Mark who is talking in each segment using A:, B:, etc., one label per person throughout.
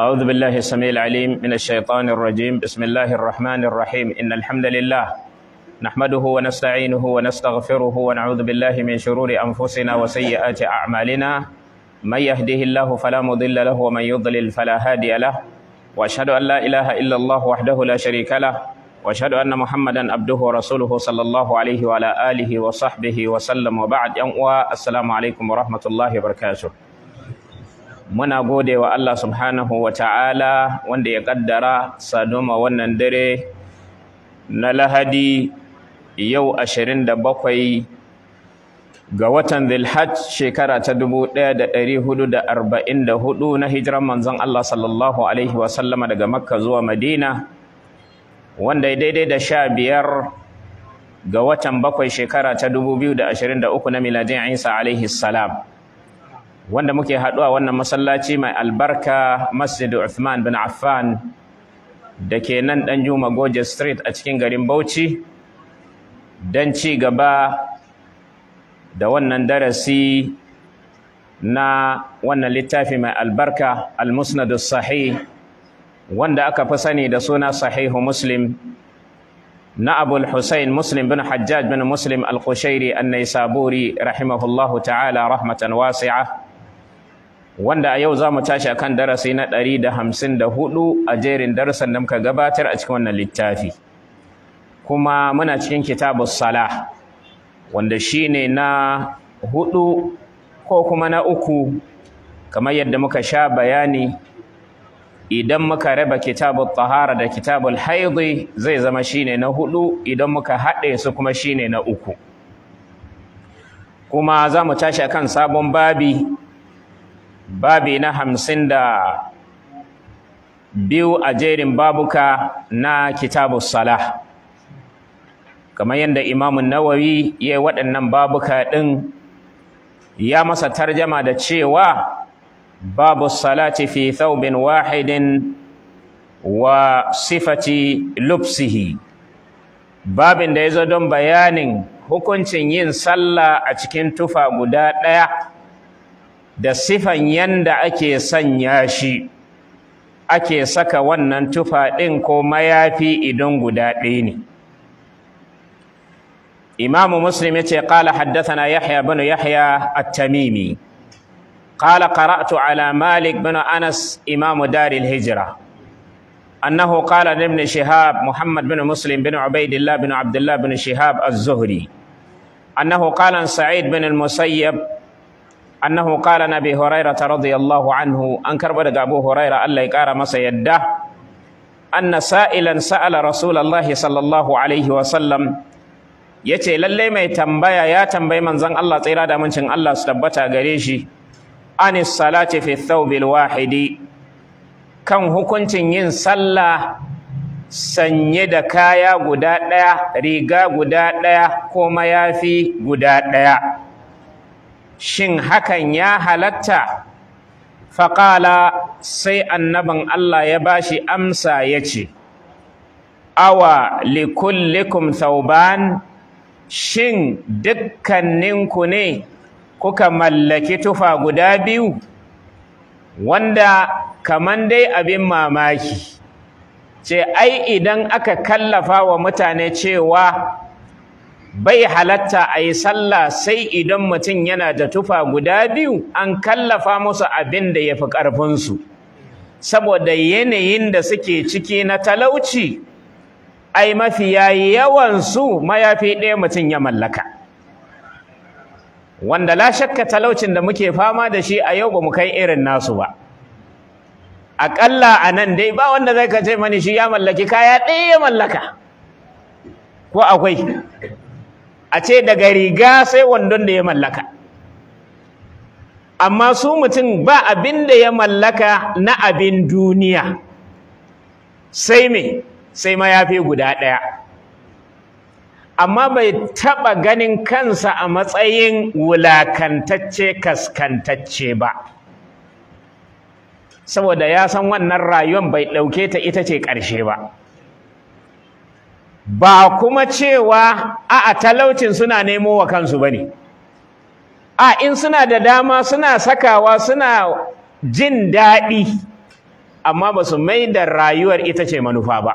A: أعوذ بالله السميع العليم من الشيطان الرجيم بسم الله الرحمن الرحيم إن الحمد لله نحمده ونستعينه ونستغفره ونعوذ بالله من شرور أنفسنا وسيئات أعمالنا من يهده الله فلا مضل له ومن يضلل فلا هادي له وأشهد أن لا إله إلا الله وحده لا شريك له وأشهد أن محمدا عبده ورسوله صلى الله عليه وعلى آله وصحبه وسلم وبعد يوم السلام عليكم ورحمة الله وبركاته muna gode wa Allah subhanahu wa ta'ala wanda ya ƙaddara Saduma wannan dare na lahadi yau ashirin da bakwai ga watan Zilhaj shekara ta dubu ɗaya da ɗari hudu da arba'in da hudu na hijiran manzan Allah sallallahu alaihi wasallama daga Makka zuwa Madina wanda ya daidai da sha biyar ga watan bakwai shekara ta dubu biyu da ashirin da uku na miladin Isa alaihi salam. wanda muke haɗuwa wannan masallaci mai albarka masjid Uthman bin Affan da ke nan ɗan Juma Goje Street a cikin garin Bauchi don ci gaba da wannan darasi na wannan littafi mai albarka al Sahi wanda aka fi sani da suna Sahihu Muslim na Abul Hussein Muslim bin Hajjaj bin Muslim al-Qushairi an-Naisaburi rahimahullahu ta'ala rahmatan wasi'a wanda a yau za mu tashi akan darasi na ɗari da hamsin da hudu a jerin darasan da muka gabatar a cikin wannan littafi kuma muna cikin kitabu salah wanda shi ne na hudu ko kuma na uku kamar yadda muka sha bayani idan muka raba kitabu tahara da kitabul haidi zai zama shine na hudu idan muka haɗe su kuma shine na uku kuma za mu tashi akan sabon babi babi na hamsin da biyu a jerin babuka na kitabu salah kamar yadda imamun nawawi ya yi waɗannan babuka ɗin ya masa tarjama da cewa babu salati fi thawbin wahidin wa sifati lubsihi babin da ya zo don bayanin hukuncin yin sallah a cikin tufa guda ɗaya da sifan yanda ake sanya shi ake saka wannan tufa ɗin ko mayafi idan guda ɗaya ne imamu muslim ya ce ƙala haddathana yahya bin yahya at-tamimi ƙala qara'tu ala malik bin anas imamu daril hijra Annahu قال لابن شهاب محمد بن مسلم بن عبيد الله بن عبد الله بن شهاب الزهري أنه قال عن سعيد بن المسيب annahu qala nabi hurairah radiyallahu anhu an karba daga abu hurairah Allah ya kara masa yadda anna sa'ilan sa'ala rasulullahi sallallahu alaihi wa sallam yace lalle mai tambaya ya tambayi manzon Allah tsira da mincin Allah su tabbata gare shi anis salati fi thawbil wahidi kan hukuncin yin sallah sanye da kaya guda ɗaya riga guda ɗaya ko mayafi guda ɗaya shin hakan ya halatta faƙala sai annaban Allah ya bashi amsa ya ce awa likullikum thauban shin dukkaninku ne kuka mallaki tufa guda biyu wanda kaman dai abin mamaki ce ai idan aka kallafa wa mutane cewa bai halatta a yi sallah sai idan mutum yana da tufa guda biyu an kallafa musu abin da ya fi ƙarfinsu saboda yanayin da suke ciki na talauci ai mafiya yawansu mayafi ɗaya mutum ya mallaka wanda la shakka talaucin da muke fama da shi a yau ba mu kai irin nasu ba aƙalla a nan dai ba wanda zai ka ce mani shi ya mallaki kaya ɗaya ya mallaka ko akwai a ce daga riga sai wandon da ya mallaka amma su mutum ba abin da ya mallaka na abin duniya sai me sai mayafi guda ɗaya amma bai taɓa ganin kansa a matsayin wulakantacce kaskantacce ba saboda ya san wannan rayuwar bai ɗauke ta ita ce ƙarshe ba ba kuma cewa a a talaucin suna nemo wa kansu ne. a in suna da dama suna sakawa suna jin daɗi amma ba su mai da rayuwar ita ce manufa ba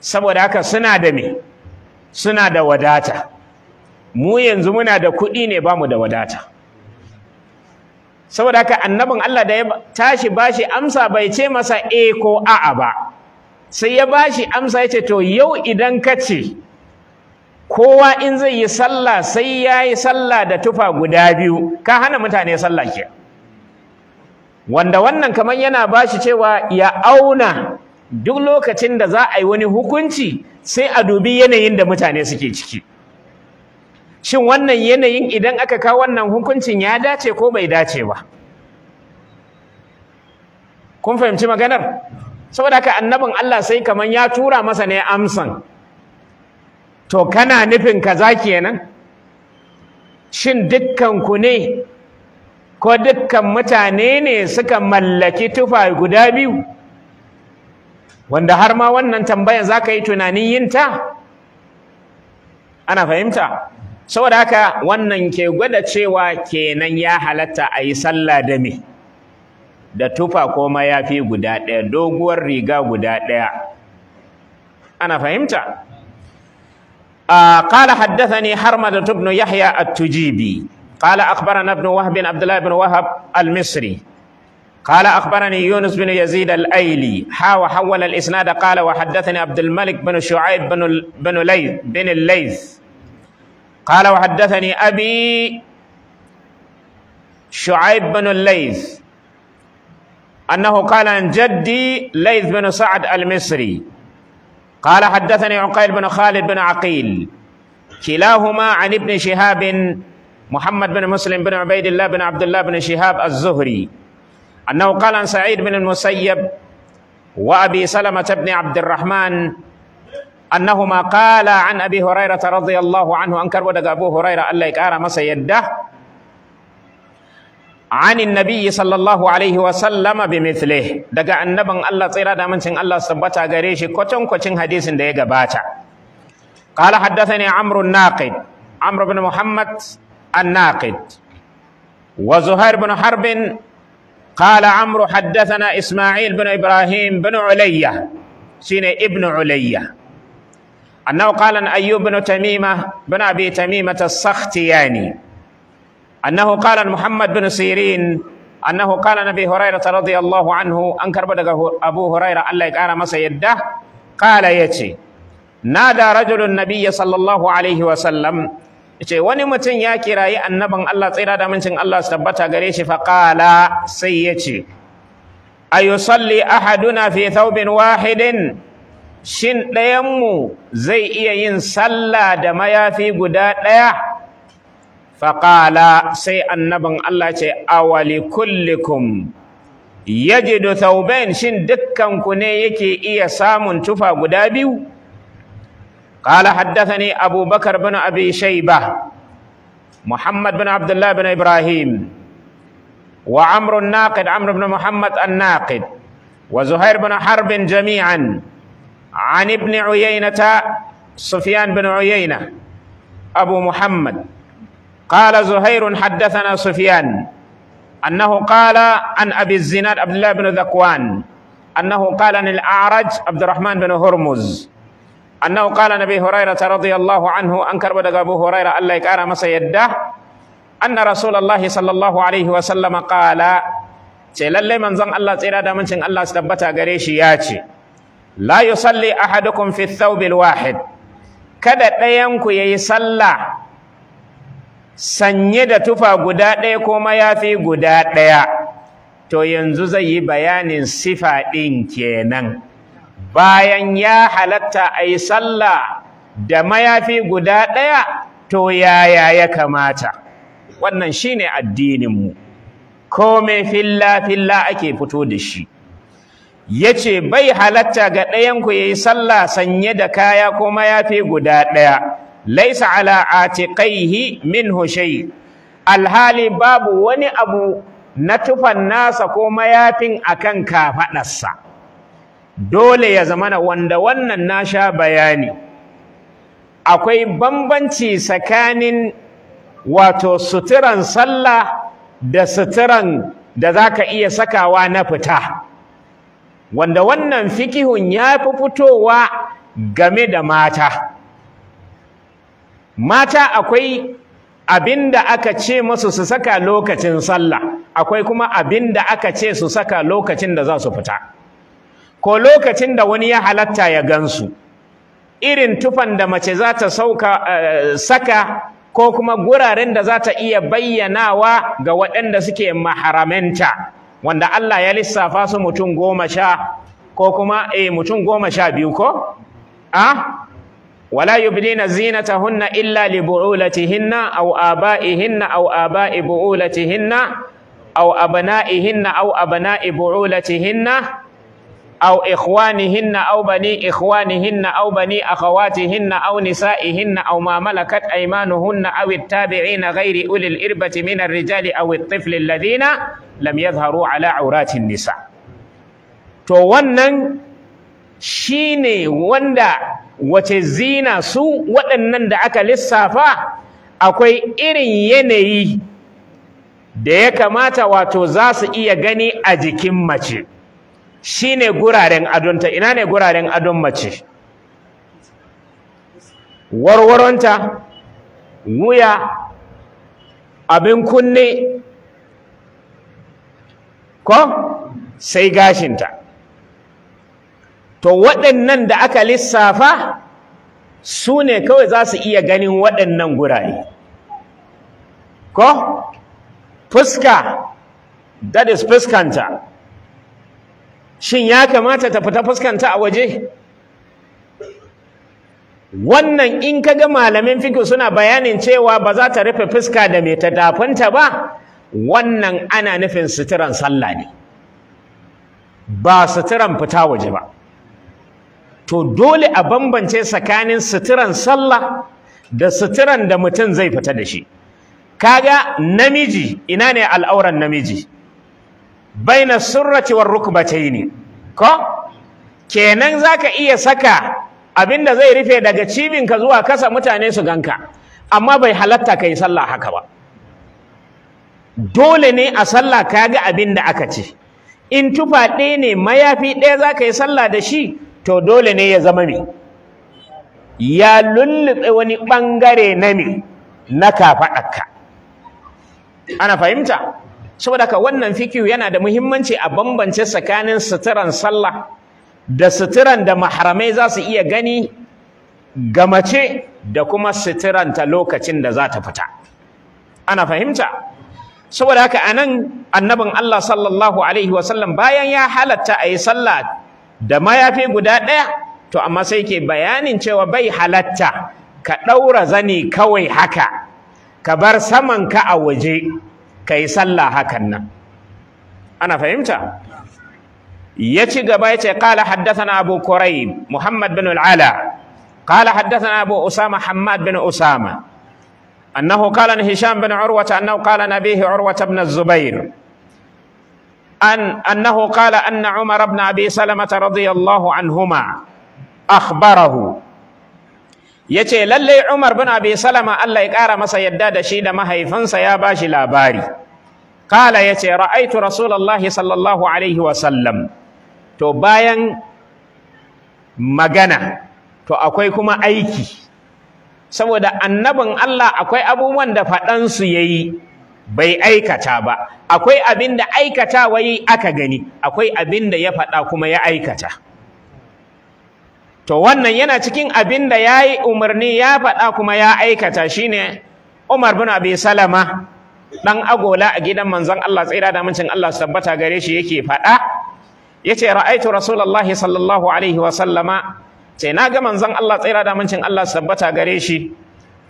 A: saboda haka suna da me suna da wadata mu yanzu muna da kuɗi ne ba mu da wadata saboda haka annabin Allah da ya tashi bashi amsa bai ce masa e ko a'a ba sai ya bashi amsa yace to yau idan ka ce kowa in zai yi sallah sai ya yi sallah da tufa guda biyu ka hana mutane sallah ke wanda wannan kamar yana bashi cewa ya auna duk lokacin da za a yi wani hukunci sai a dubi yanayin da mutane suke ciki shin wannan yanayin idan aka kawo wannan hukuncin ya dace ko bai dace ba kun fahimci maganar saboda haka annabin Allah sai kaman ya tura masa ne amsan to kana nufin kaza kenan shin dukkan ku ne ko dukkan mutane ne suka mallaki tufa guda biyu wanda har ma wannan tambaya za yi tunanin yinta ana fahimta saboda haka wannan ke gwada cewa kenan ya halatta a yi sallah da me da tufa ko mayafi guda ɗaya doguwar riga guda ɗaya ana fahimta قال حدثني حرمدة بن يحيى التجيبي قال أخبرنا ابن وهب عبد الله بن وهب المصري قال أخبرني يونس بن يزيد الأيلي حا وحول الإسناد قال وحدثني عبد الملك بن شعيب بن بن الليث بن الليث قال وحدثني أبي شعيب بن الليث أنه قال عن جدي ليث بن سعد المصري قال حدثني عقيل بن خالد بن عقيل كلاهما عن ابن شهاب محمد بن مسلم بن عبيد الله بن عبد الله بن شهاب الزهري أنه قال عن سعيد بن المسيب وأبي سلمة بن عبد الرحمن أنهما قال عن أبي هريرة رضي الله عنه أنكر ودق أبو هريرة الله لا يكارم سيده عن النبي صلى الله عليه وسلم بمثله daga annaban الله tsira da mancin Allah sabbata gare shi kwatan kwacin hadisin da قال حدثني عمرو الناقد عمرو بن محمد الناقد وزهير بن حرب قال عمرو حدثنا اسماعيل بن ابراهيم بن عليا سين ابن عليا انه قال ان ايوب بن تميمه بن ابي تميمه السختياني annahu qala muhammad bin sirin annahu qala nabi hurairah radiyallahu anhu an karba daga abu hurairah Allah ya kara masa yadda qala yace nada rajulun nabiy sallallahu alaihi wa sallam wani mutum ya kirayi annaban Allah tsira da mincin Allah su tabbata gare shi fa qala sai yace ayusalli ahaduna fi thawbin wahidin shin dayan mu zai iya yin sallah da mayafi guda daya فقال سي النبن الله تي اولي كلكم يجد ثوبين شن دكان كوني يكي اي سامون تفا غدابيو قال حدثني ابو بكر بن ابي شيبه محمد بن عبد الله بن ابراهيم وعمر الناقد عمر بن محمد الناقد وزهير بن حرب جميعا عن ابن عيينة سفيان بن عيينة أبو محمد قال زهير حدثنا سفيان أنه قال عن أبي الزناد عبد الله بن ذكوان أنه قال عن الأعرج عبد الرحمن بن هرمز أنه قال عن أبي هريرة رضي الله عنه أنكر بدق أبو هريرة الله يكار ما سيده أن رسول الله صلى الله عليه وسلم قال تلالي من زن الله تيرادا من شن الله استبتا غريشي ياتي لا يصلي أحدكم في الثوب الواحد كذا تيمكو يصلى sanye da tufa guda ɗaya ko mayafi guda ɗaya to yanzu zai yi bayanin sifa ɗin kenan bayan ya halatta a yi sallah da mayafi guda ɗaya to yaya ya kamata wannan shi ne addininmu Ko mai filla-filla ake fito da shi ya ce bai halatta ga ɗayanku ya yi sallah sanye da kaya ko mayafi guda ɗaya laisa ala atiqaihi minhu shay alhali babu wani abu na tufan nasa ko mayafin akan kafaɗarsa. dole ya zamana wanda wannan na sha bayani akwai bambanci tsakanin wato suturan sallah da suturan da zaka iya sakawa na fita wanda wannan fikihun ya fi fitowa game da mata mata akwai abin da aka ce masu su saka lokacin sallah akwai kuma abin da aka ce su saka lokacin da za su fita ko lokacin da wani ya halatta ya gansu irin tufan da mace za ta sauka eh, saka ko kuma guraren da za ta iya bayyanawa ga waɗanda suke maharamanta wanda Allah ya lissafa su mutum goma sha ko kuma eh, mutum goma sha biyu ko ah? ولا يبدين زينتهن إلا لبعولتهن أو آبائهن أو آباء بعولتهن أو أبنائهن أو أبناء بعولتهن أو إخوانهن أو بني إخوانهن أو بني أخواتهن أو نسائهن أو ما ملكت أيمانهن أو التابعين غير أولي الإربة من الرجال أو الطفل الذين لم يظهروا على عورات النساء تو wannan shine wanda wace zina su waɗannan da aka lissafa akwai irin yanayi da ya kamata wato za su iya gani a jikin mace Shi ne guraren adonta ina ne guraren adon mace warwaronta wuya abin kunne ko sai gashinta to waɗannan da aka lissafa su ne kawai za su iya ganin waɗannan gurare ko fuska that is fuskanta shin ya kamata ta fita fuskanta a waje wannan in ka ga malamin fiqh suna bayanin cewa ba za ta rufe fuska da mai tadafinta ba wannan ana nufin suturan sallah ne ba suturan fita waje ba to dole a bambance tsakanin suturan sallah da suturan da mutum zai fita da shi kaga namiji ina ne al'auran namiji baina surrati war rukbataini ko kenan zaka iya saka abin da zai rufe daga cibinka zuwa kasa mutane su ganka amma bai halatta kai sallah haka ba dole ne a sallah kaga da aka ce in tufa ɗaya ne mayafi ɗaya za ka yi sallah da shi to dole ne ya zama me ya lullutse wani bangare na me na kafadarka ana fahimta saboda ka wannan fikiyu yana da muhimmanci a bambance tsakanin suturan sallah da suturan da maharamai za su iya gani ga mace da kuma suturanta lokacin da za ta fita ana fahimta saboda haka anan annabin Allah sallallahu alaihi wasallam bayan ya halatta a yi sallah da mayafi guda daya to amma sai ke bayanin cewa bai halatta ka daura zani kawai haka ka bar saman ka a waje kai sallah hakan nan ana fahimta yace gaba yace qala kala haddathana abu quraib muhammad bin al-ala kala haddathana abu usama hamad bin usama annahu kala hisham bin urwata annahu kala nabihi urwata bin zubair أن أنه قال أن عمر بن أبي سلمة رضي الله yace lallai Umar bin Abi Allah ya ƙara masa yadda da shi da mahaifinsa ya bashi labari kala yace ra'aitu rasulullahi sallallahu alaihi to bayan magana to akwai kuma aiki saboda annabin Allah akwai abubuwan da faɗansu ya yi bai aikata ba akwai abin da aikata wai aka gani akwai abin da ya faɗa kuma ya aikata to wannan yana cikin abin da ya yi umarni ya faɗa kuma ya aikata shine umar bin abi salama ɗan agola a gidan manzon Allah tsira da mancin Allah su tabbata gare shi yake faɗa yace ra'aitu rasulullahi sallallahu alaihi wa sallama sai ga manzon Allah tsira da mancin Allah su tabbata gare shi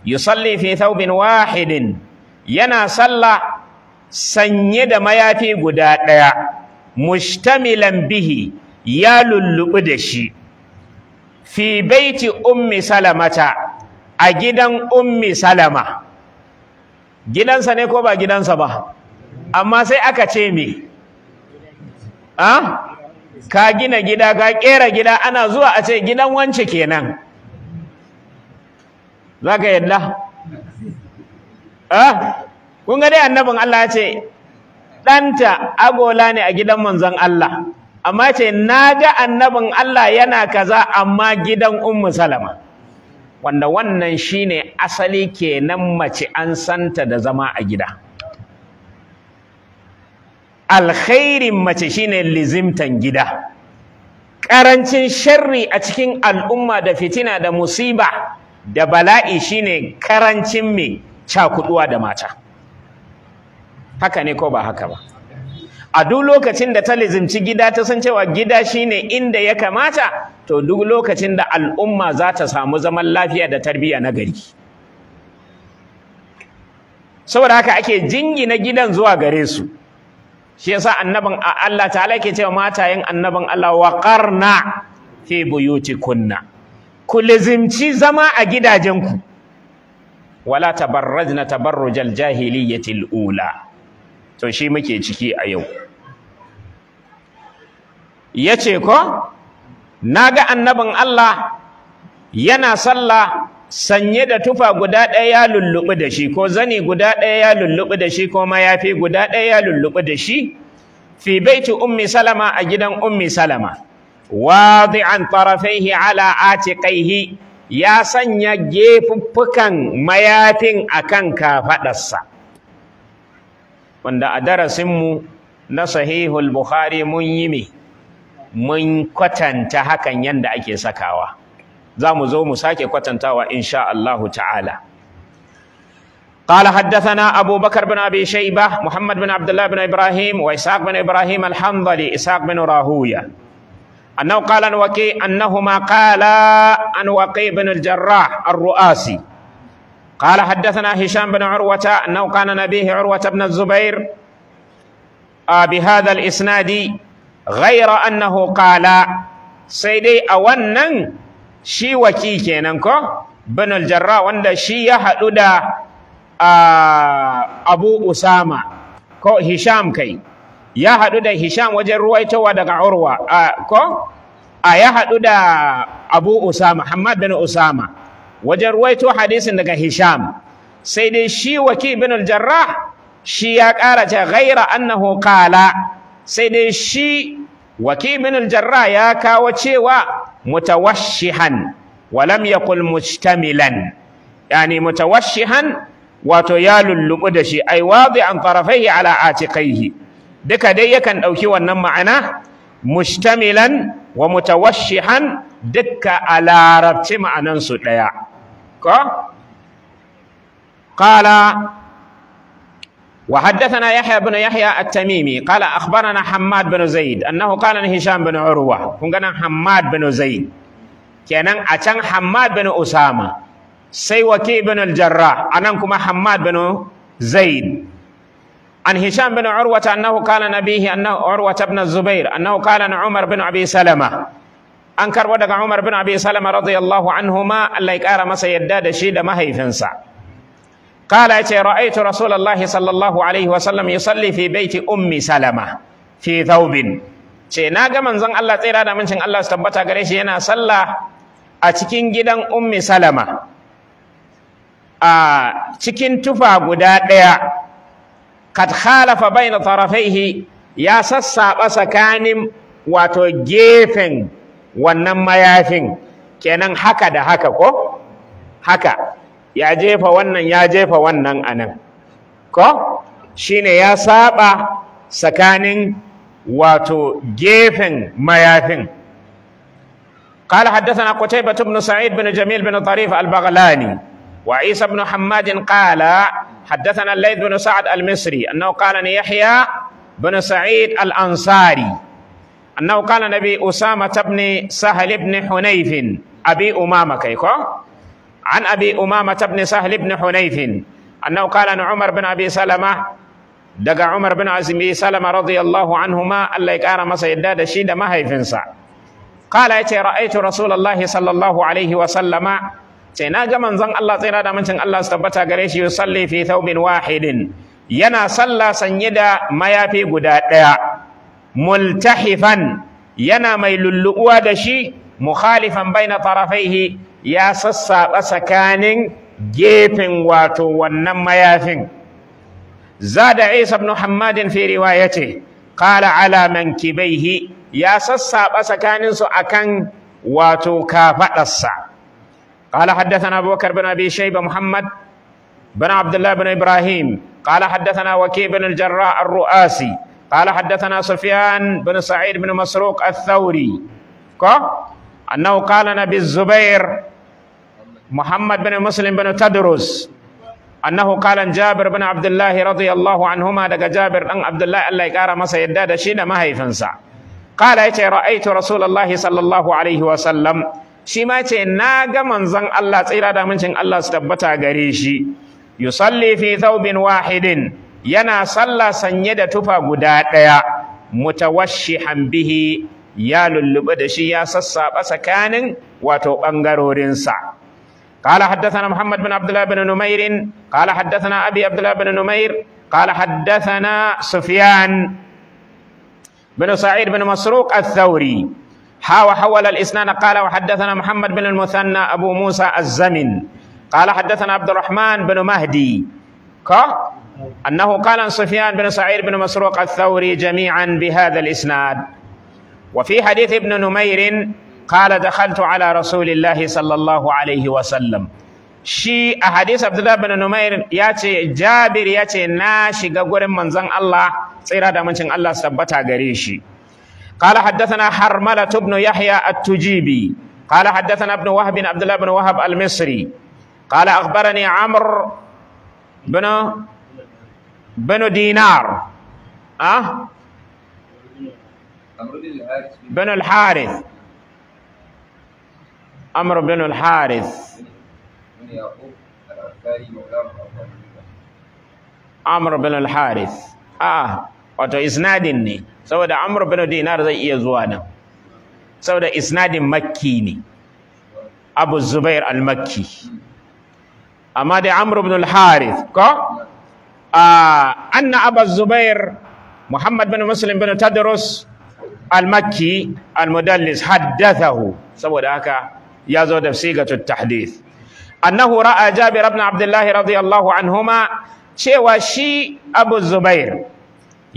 A: yusalli fi thawbin wahidin yana sallah sanye da mayafi guda ɗaya mushtamilan bihi ya lullubi da shi fi baiti ummi salamata a gidan ummi salama gidansa ne ko ba gidansa ba amma sai aka ce me ka gina gida ka kera gida ana zuwa a ce gidan wance kenan za ka yadda Ah, kun ga dai annabin Allah ya ce ɗanta agola ne a gidan manzon Allah amma ce na ga annabin Allah yana kaza amma gidan ummu salama wanda wannan shine asali kenan mace an santa da zama a gida alkhairin mace shine lizimtan gida ƙarancin sharri a cikin al'umma da fitina da musiba da bala'i shine karancin mai cakuduwa da mata haka ne ko ba haka ba a duk lokacin da ta lizimci gida ta san cewa gida shine inda ya kamata to duk lokacin da al'umma za ta samu zaman lafiya da tarbiyya na gari saboda haka ake jingina gidan zuwa gare su shi yasa annabin Allah ta'ala yake cewa matayen annabin Allah wa qarna fi buyutikunna ku lizimci zama a gidajenku wala tabarrajna tabarrujal jahiliyyatil ula to shi muke ciki a yau yace ko naga annabin Allah yana sallah sanye da tufa guda ɗaya ya lulluɓi da shi ko zani guda ɗaya ya lulluɓi da shi ko mayafi guda ɗaya ya lulluɓi da shi fi baiti ummi salama a gidan ummi salama wadi'an tarafaihi ala atiqaihi ya sanya gefuffukan mayafin akan kafaɗarsa. wanda a darasinmu na sahihul bukhari mun yi me mun kwatanta hakan yadda ake sakawa za mu zo mu sake kwatantawa insha Allah ta'ala قال حدثنا أبو بكر بن أبي شيبة محمد بن عبد الله بن إبراهيم وإسحاق بن إبراهيم الحنظلي إسحاق بن راهويه أنه قال عن وكيع أنهما قال عن وكيع بن الجراح الرؤاسي قال حدثنا هشام بن عروة أنه كان نبيه عروة بن الزبير بهذا الإسناد غير أنه قال سيدي أولا شي وكي كيننكو بن الجراح وأن شي يحدد أبو أسامة ko Hisham kai ya haɗu da Hisham wajen ruwaitowa daga Urwa ko a ya haɗu da abu usama hamad bin usama wajen ruwaito hadisin daga hisham sai dai shi waki bin jarrah shi ya ƙara ce ghaira annahu qala sai dai shi waki bin jarrah ya kawo cewa mutawashihan walam yaqul mujtamilan yani mutawashshihan wato ya lullubu da shi ai wadi'an tarafaihi ala atiqaihi duka dai yakan ɗauki wannan ma'ana mustamilan wa mutawashihan dukka a larabci ma'anansu ɗaya ko? ƙala wa haddathana yahya bin yahya at-tamimi qala na hammad ibn zaid annahu qala hisham ibn urwa kun ganan hammad ibn zaid kenan a can hammad bin usama sai waki ibn al-jarrah anan kuma hammad ibn zaid عن هشام بن عروة أنه قال نبيه أنه عروة بن الزبير أنه قال عن عمر بن أبي سلمة أنكر ودق عمر بن أبي سلمة رضي الله عنهما الله يكار ما سيداد شيد ما هي فنسع قال رأيت رسول الله صلى الله عليه وسلم يصلي في بيت أم سلمة في ثوب ce na ga manzon Allah tsira da mincin Allah su tabbata gare shi yana sallah a cikin gidan ummi salama a cikin tufa guda ɗaya kad khalafa baina tarafaihi ya sassaɓa tsakanin wato gefen wannan mayafin kenan haka da haka ko haka ya jefa wannan ya jefa wannan anan ko shine ya saɓa tsakanin wato gefen mayafin قال حدثنا قتيبة بن سعيد بن جميل بن طريف البغلاني وعيسى بن حماد قال حدثنا الليث بن سعد المصري أنه قال يحيى بن سعيد الأنصاري أنه قال نبي أسامة بن سهل بن حنيف أبي أمامة كيكو عن أبي أمامة بن سهل بن حنيف أنه قال أن عمر بن أبي سلمة دقى عمر بن أبي سلمة رضي الله عنهما الله يكرم سيداد شيد ما هيفنسا قال يتي رأيت رسول الله صلى الله عليه وسلم sai na ga manzon Allah tsira da mancin Allah su tabbata gare shi yusalli fi thawbin wahidin yana sallah sanye da mayafi guda ɗaya multahifan yana mai lulluɓuwa da shi mukhalifan baina tarafaihi ya sassaɓa tsakanin gefen wato wannan mayafin zada عيسى بن حماد في روايته قال على منكبيه ya sassaɓa tsakaninsu akan wato واتو كافأسا قال حدثنا أبو بكر بن أبي شيبة محمد بن عبد الله بن إبراهيم قال حدثنا وكيع بن الجراء الرؤاسي قال حدثنا سفيان بن سعيد بن مسروق الثوري أنه قال نبي الزبير محمد بن مسلم بن تدرس أنه قال جابر بن عبد الله رضي الله عنهما دق جابر أن عبد الله الله يقارى ما سيداد شين ما هي فنسع قال رأيت رسول الله صلى الله عليه وسلم shi ma ce na ga manzon Allah tsira da mincin Allah su tabbata gare shi yusalli fi thawbin wahidin yana sallah sanye da tufa guda ɗaya mutawashshihan hambihi. ya lulluɓe da shi ya sassaɓa tsakanin wato ɓangarorinsa قال حدثنا محمد بن عبد الله بن نمير قال حدثنا أبي عبد الله بن نمير قال حدثنا سفيان بن سعيد بن مسروق الثوري ها وحول الإسنان قال وحدثنا محمد بن المثنى أبو موسى الزمن قال حدثنا عبد الرحمن بن مهدي ك أنه قال سفيان بن سعيد بن مسروق الثوري جميعا بهذا الإسناد وفي حديث ابن نمير قال دخلت على رسول الله صلى الله عليه وسلم shi a hadisi Abdullah bin Numair ya ce Jabir ya ce na shiga gurin manzon Allah tsira da mancin Allah sabbata gare shi قال حدثنا حرملة بن يحيى التجيبي قال حدثنا ابن وهب بن عبد الله بن وهب المصري قال أخبرني عمرو بن بن دينار أه بن الحارث عمرو بن الحارث عمرو بن الحارث آه wato isnadin ne saboda amr bin dinar zai iya zuwa nan saboda isnadin makki ne abu zubair al-makki amma da amr bin al-harith ko anna abu zubair muhammad bin muslim bin tadrus al-makki al-mudallis haddathahu saboda haka ya zo da sigatu tahdith annahu ra'a jabir ibn abdullah radiyallahu anhuma cewa shi abu zubair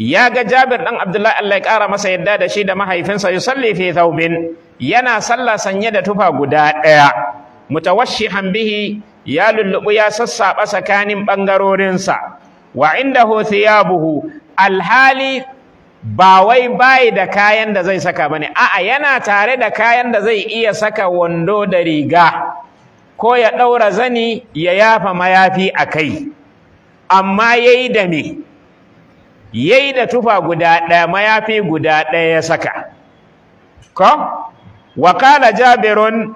A: ya ga Jabir dan Abdullahi Allah ya kara masa yadda da shi da mahaifinsa salli fi thawbin yana sallah sanye da tufa guda ɗaya mutawashi hambihi. ya lullubu ya sassaɓa tsakanin ɓangarorinsa. wa inda ya buhu, alhali ba wai bai da kayan da zai saka bane a'a yana tare da kayan da zai iya saka wando da riga ko ya ɗaura zani ya yafa mayafi a kai amma ya yi da me yayi da tufa guda ɗaya mayafi guda ɗaya ya saka ko wa qala jabirun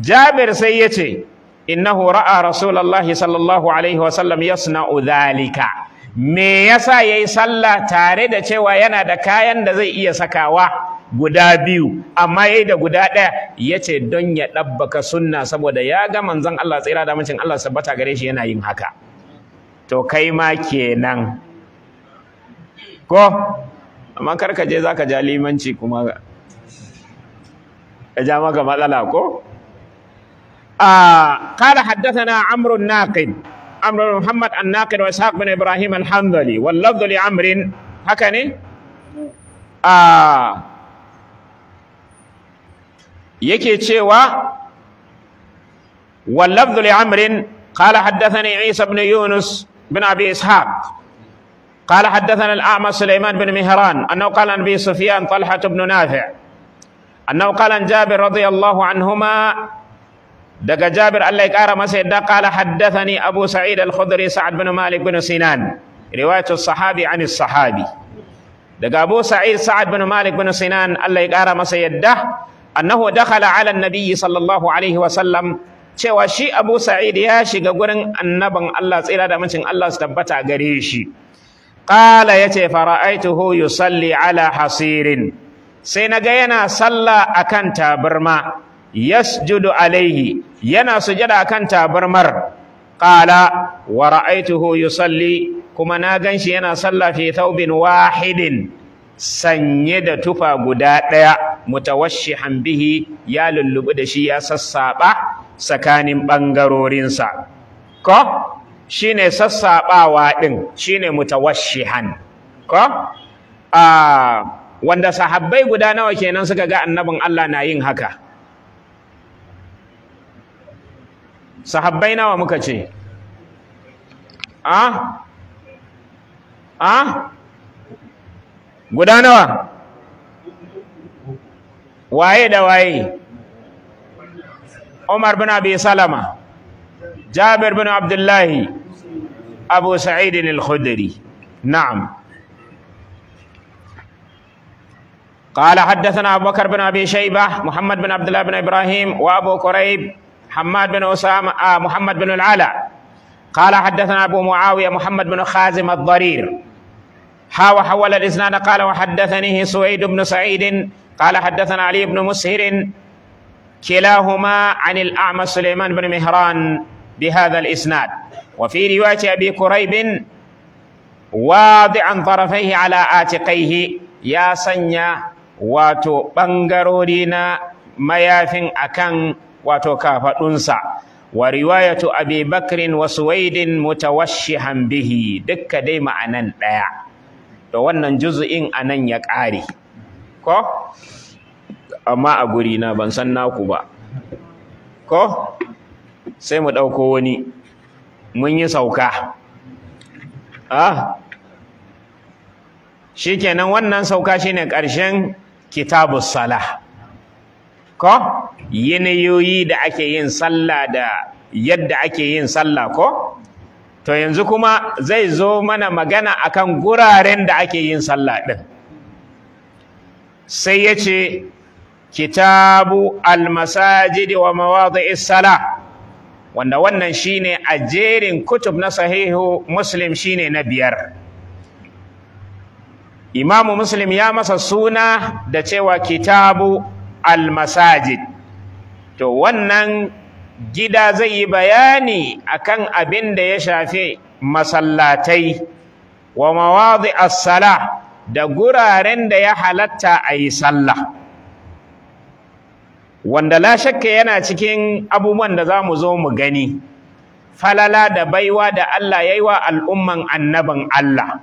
A: jabir sai yace innahu ra'a rasulullahi sallallahu alaihi wasallam yasna'u dhalika me yasa yayi sallah tare da cewa yana da kayan da zai iya sakawa guda biyu amma yayi da guda ɗaya yace don ya ɗabbaka sunna saboda ya ga manzon Allah tsira da mincin Allah sabbata gare shi yana yin haka to kai ma kenan ko amma karka je zaka ja limanci kuma ya ja maka matsala ko قال حدثنا عمرو الناقد عمرو بن محمد الناقد واسحاق بن ابراهيم الحنظلي واللفظ لعمرو هكذا آه يكي تشيوا واللفظ لعمرو قال حدثني عيسى بن يونس بن ابي اسحاق قال حدثنا الأعمى سليمان بن مهران أنه قال عن أبي سفيان طلحة بن نافع أنه قال عن جابر رضي الله عنهما دق جابر الله يكار مسيد قال حدثني أبو سعيد الخدري سعد بن مالك بن سنان رواية الصحابي عن الصحابي دق أبو سعيد سعد بن مالك بن سنان الله يكار مسيد أنه دخل على النبي صلى الله عليه وسلم cewa shi Abu Sa'id ya shiga gurin annaban Allah tsira da mincin Allah su tabbata gare shi Ƙala qala yace fara'aituhu yusalli ala hasirin sai na ga yana sallah kan tabarma yasjudu alaihi yana a kan tabarmar Ƙala, wa ra'aituhu yusalli kuma na gan shi yana salla fi taubin wahidin sanye da tufa guda ɗaya mutawashshihan hambihi, ya lullubi da shi ya sassaɓa tsakanin ɓangarorinsa ko shine sassaɓawa ɗin shine mutawashihan ko wanda sahabbai guda nawa kenan suka ga annabin Allah na yin haka sahabbai nawa muka ce a a guda nawa waye da waye Umar bin Abi Salama Jabir bin Abdullahi أبو سعيد الخدري نعم قال حدثنا أبو بكر بن أبي شيبة محمد بن عبد الله بن إبراهيم وأبو كريب حماد بن أسامة آه محمد بن العلاء قال حدثنا أبو معاوية محمد بن خازم الضرير ها وحول الإسناد قال وحدثني سويد بن سعيد قال حدثنا علي بن مسهر كلاهما عن الأعمى سليمان بن مهران بهذا الإسناد وفي رواية أبي كريب واضعا طرفيه على آتقيه يا سنيا واتو بنغرورينا ميافن أكان واتو كافرنسا ورواية أبي بكر وسويد متوشحا به دك ديما أنان لا wannan juz'in anan ya ƙare ko amma a guri na ban san naku ba ko sai mu ɗauko wani mun yi sauka ah kenan wannan sauka shine ƙarshen kitabus salah ko yanayoyi da ake yin sallah da yadda ake yin sallah ko to yanzu kuma zai zo mana magana akan guraren da ake yin sallah din sai yace kitabu almasajidi wa mawadi'is salah wanda wannan shine a jerin kutub na sahihu muslim shine na biyar imamu muslim ya masa suna da cewa kitabu almasajid to wannan gida zai yi bayani akan abin da ya shafi masallatai wa mawadhi as-sala da guraren da ya halatta a yi sallah wanda la shakka yana cikin abubuwan da za mu zo mu gani falala da baiwa da Allah ya yi wa al'umman annabin Allah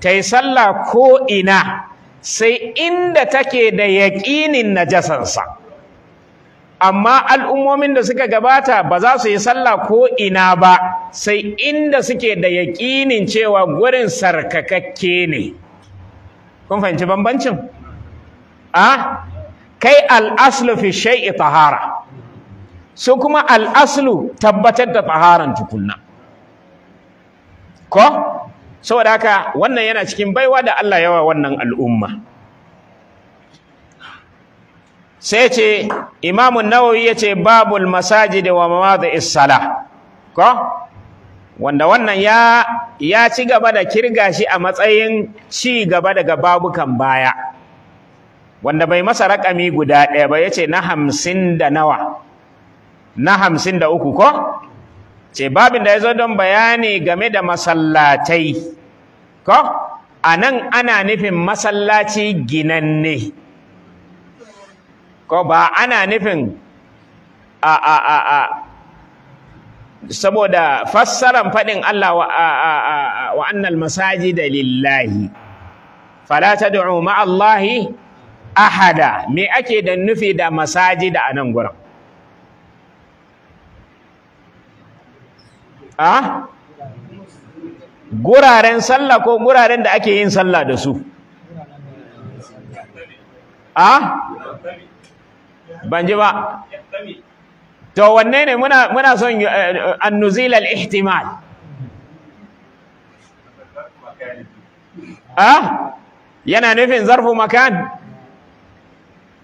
A: ta yi sallah ko ina sai inda take da yaƙinin najasansa amma al'ummomin da suka gabata ba za su yi sallah ko ina ba sai inda suke da yaƙinin cewa gurin sarkakakke ne kun fahimci bambancin a ah, kai al'aslu fi shay'i tahara su kuma al'aslu tabbatar da taharan tukunna ko saboda haka wannan yana cikin baiwa da Allah yawa wannan al'umma sai ce imamu nawawi ya ce babul masaji da wa mawadhi isala ko wanda wannan ya ya ci gaba da kirga shi a matsayin ci gaba daga babukan baya wanda bai masa rakami guda ɗaya ba ya ce na hamsin da nawa na hamsin da uku ko ce babin da ya zo don bayani game da masallatai ko a nan ana nufin masallaci ginanne ko ba ana nufin a a a a saboda fassaran faɗin Allah wa annal masaji da lillahi fala tad'u ma'allahi Allahi ahada me ake da nufi da masaji da anan gurin a guraren sallah ko guraren da ake yin sallah da su a ban ji ba to wanne ne muna muna son eh, eh, an-nuzil al-ihtimal a yana nufin zarfu makan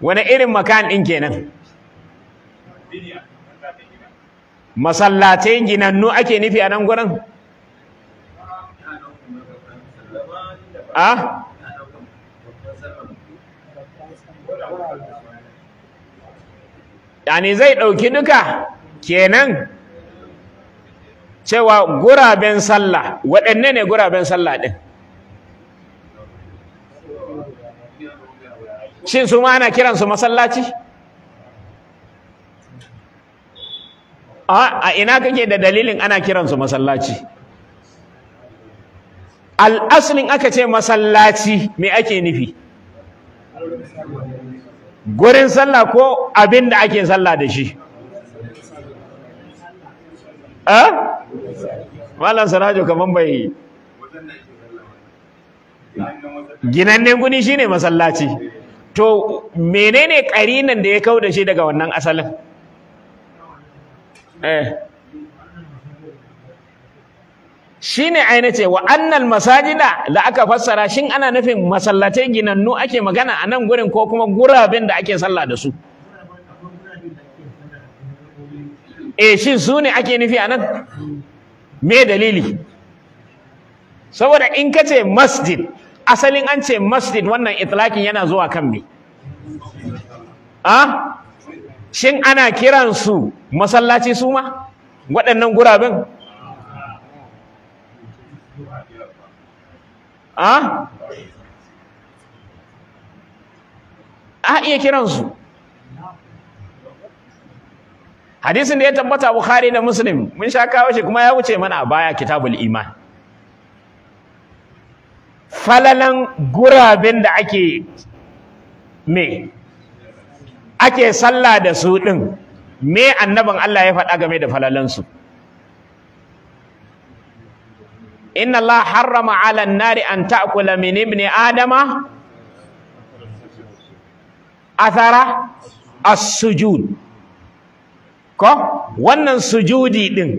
A: wani irin makan ɗin kenan masallatai ginannu ake nufi a nan gurin ah yani zai ɗauki duka kenan cewa guraben sallah waɗanne ne guraben sallah ɗin shin su ma ana kiransu masallaci a ina kake da dalilin ana kiransu masallaci al'aslin aka ce masallaci me ake nufi gurin sallah ko abin da ake sallah da shi a? malam sarajo kamar bai ginannen guni ne masallaci to menene ƙarinan da ya kau da shi daga wannan asalin eh shine aina ce wa annal masajida da aka fassara shin ana nufin masallatai ginannu ake magana a nan gurin ko kuma guraben da ake sallah da su eh shin su ne ake nufi a nan me dalili saboda in kace masjid asalin an ce masjid wannan itlaƙin yana zuwa kan me ah? shin ana kiransu masallaci su ma waɗannan guraben ah? a iya kiransu hadisin da ya tabbata bukhari da muslim mun sha kawo shi kuma ya wuce mana a baya kitabul iman falalan guraben da ake me ake sallah da su din, me annabin Allah ya faɗa game da falalansu inna Allah harrama ala nari an ta'kula min ibn adama athara as-sujud ko wannan sujudi din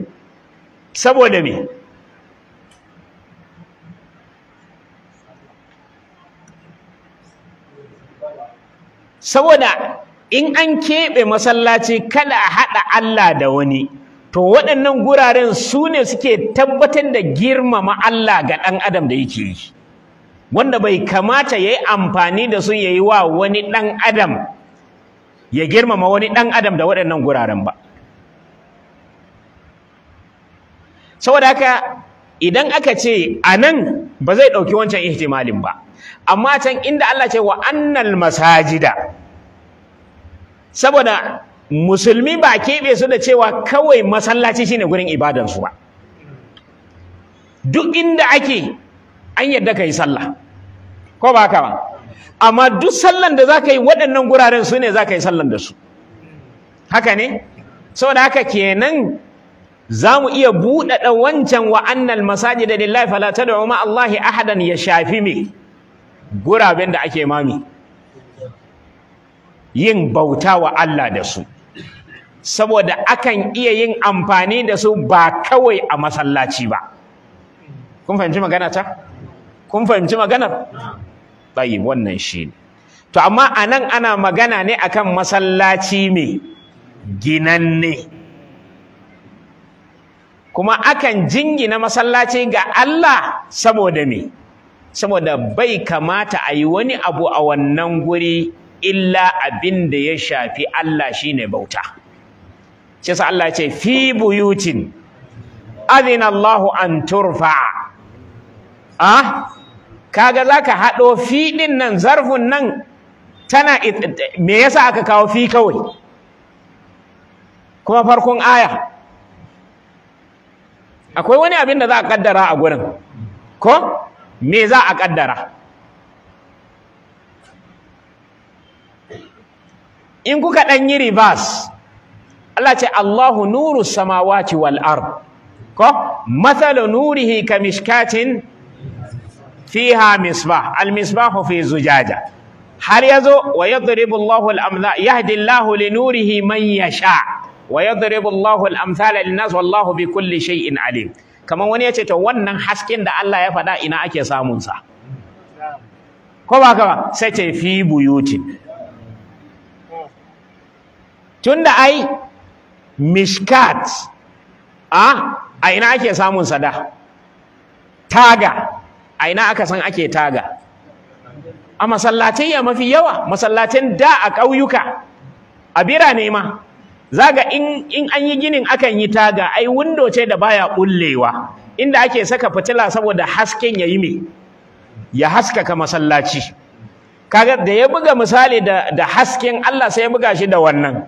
A: saboda me saboda in an keɓe masallaci kada a haɗa Allah da wani to waɗannan guraren su ne suke tabbatar da girmama Allah ga ɗan adam da yake yi wanda bai kamata ya yi amfani da su ya yi wa wani ɗan adam ya girmama wani ɗan adam da waɗannan guraren ba saboda haka idan aka ce a nan ba zai ɗauki wancan ihtimalin ba amma can inda Allah ce wa annal masajida saboda musulmi ba keɓe su da cewa kawai masallaci shine gurin su ba duk inda ake an yadda ka yi sallah ko ba haka ba amma duk sallan da za ka yi waɗannan guraren su ne za ka yi sallan da su haka ne saboda haka kenan za mu iya buɗaɗa wancan wa'annan masajida lillahi fala tad'u ma Allahi ahadan ya shafi mi. guraben da ake mami yin bauta wa Allah da su saboda akan iya yin amfani da su ba kawai a masallaci ba kun fahimci magana ta kun fahimci magana? bai wannan shi ne to amma anan ana magana ne akan masallaci me ginanne kuma akan jingina masallaci ga Allah saboda me saboda bai kamata a yi wani abu a wannan guri illa abin da ya shafi Allah shine bauta shi yasa Allah ce fi buyutin adina an turfa ah kaga zaka haɗo fi din nan zarfun nan tana me yasa aka kawo fi kawai kuma farkon aya akwai wani abin da za a ƙaddara a gurin ko me za a kaddara in kuka dan yi reverse Allah ce Allahu nuru samawati wal ard ko mathalu nurihi kamishkatin fiha misbah al misbahu fi zujaja har yazo wa yadribu Allahu al amla yahdi Allahu li nurihi man yasha ويضرب الله الأمثال للناس والله بكل شيء عليم kamar wani ya ce to wannan hasken da Allah ya faɗa ina ake samun sa ko ba ka ba sai ce fi buyutin tunda ai mishkat a a ina ake samun sada taga a ina aka san ake taga a masallacin ya mafi yawa masallacin da a ƙauyuka a birane ma zaga in in an yi ginin akan yi taga ai window ce da baya kullewa inda ake saka fitila saboda hasken yayi me ya haskaka masallaci kaga da ya buga misali da da hasken Allah sai ya buga shi da wannan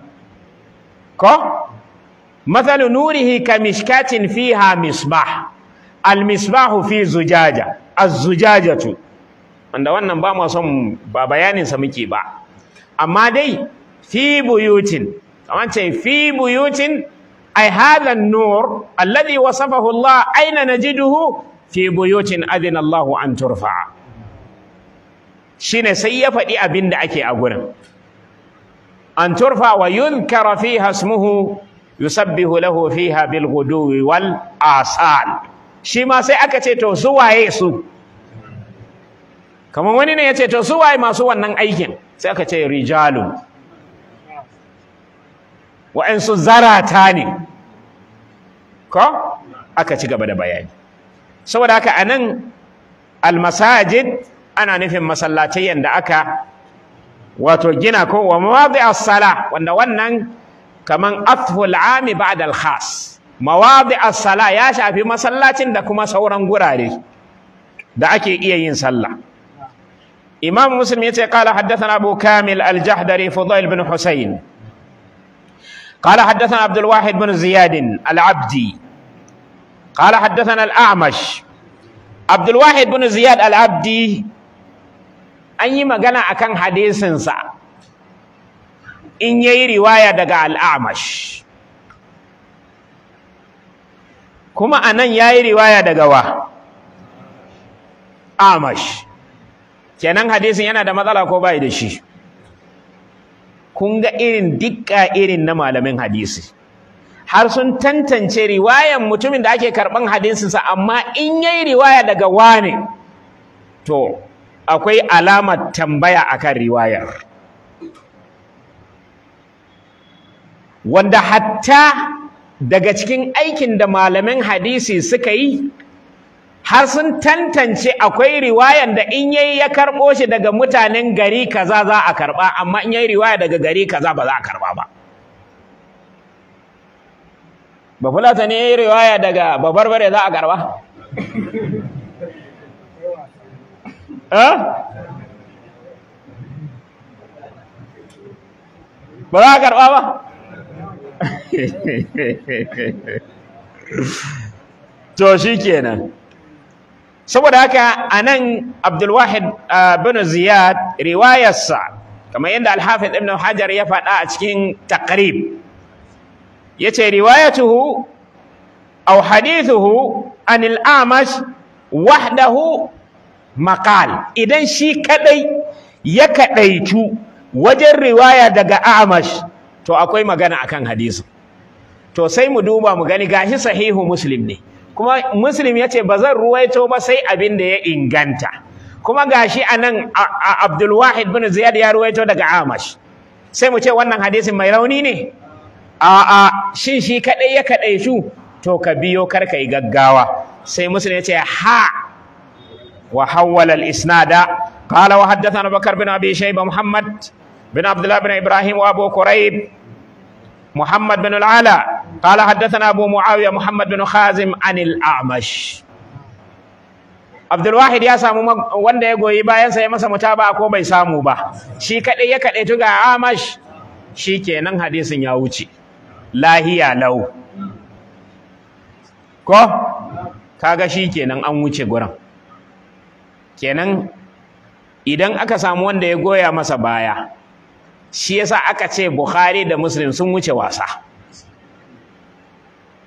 A: ko مثل نوره كمشكاة فيها مصباح المصباح في زجاجة الزجاجة wanda wannan ba mu son ba bayanin sa muke ba amma dai fi buyutin kamar ce fi buyutin ai hadan nur alladhi wasafahu Allah aina najiduhu fi buyutin adina Allahu an turfa shine sai ya faɗi abin da ake a gurin an turfa wa yunkara fiha ismuhu yusabbihu lahu fiha bil ghuduwi wal asal shi ma sai aka ce to su waye su kamar wani ne ya ce to su waye masu wannan aikin sai aka ce rijalun wa'ansu zarata ne ko aka ci gaba da bayani saboda haka anan almasajid ana nufin masallacin yadda aka wato gina ko wa mawadi as-sala wanda wannan kaman afhul ami ba'da al-khas mawadi as-sala ya shafi masallacin da kuma sauran gurare da ake iya yin sallah imam muslim yace qala haddathana abu kamil al-jahdari fudail bin husayn قال حدثنا عبد الواحد بن زياد العبدي قال حدثنا الأعمش عبد الواحد بن زياد العبدي أن يمغنى أكن حديث سا إن يي رواية دقاء الأعمش kuma a nan ya yi riwaya daga wa amash kenan hadisin yana da matsala ko bai da shi kun ga irin dikka irin na malamin hadisi har sun tantance riwayan mutumin da ake karɓan hadisinsa amma in yayi riwaya daga wane to akwai alamar tambaya akan riwayar wanda hatta daga cikin aikin da malamin hadisi suka yi har sun tantance akwai riwayan da in yayi ya karɓo shi daga mutanen gari kaza za a karɓa amma in yayi riwaya daga gari kaza ba za a karɓa ba ba fulata ne yayi riwaya daga bare za a karɓa eh ba za a karɓa ba to shi kenan saboda haka a nan abdulwahid bin ziyad riwayarsa kamar yadda alhafiz ibn hajar ya faɗa a cikin taqrib yace riwayatuhu aw hadithuhu an al-amash wahdahu maqal idan shi kadai ya kadaitu wajen riwaya daga amash to akwai magana akan hadisi to sai mu duba mu gani gashi sahihu muslim ne kuma muslim ya ce ba zan ruwaito ba sai abin da ya inganta kuma gashi anan nan Wahid bin Ziyad ya ruwaito daga Amash sai mu ce wannan hadisin mai rauni ne a'a shin shi kadai ya kadai shu to ka biyo kar yi gaggawa sai muslim ya ce ha wa hawwala al-isnada qala wa haddathana Bakar bin Abi Shayba Muhammad bin Abdullah bin Ibrahim wa Abu Quraib محمد بن العلاء قال حدثنا أبو معاوية bin بن Ani عن الأعمش Abdulwahid ya samu wanda ya goyi bayan ya masa mutaba ko bai samu ba shi kadai ya kadai tuga amash shikenan hadisin ya wuce lahiya lau ko kaga shikenan an wuce gurin kenan idan aka samu wanda ya goya masa baya shi yasa aka ce bukhari da muslim sun wuce wasa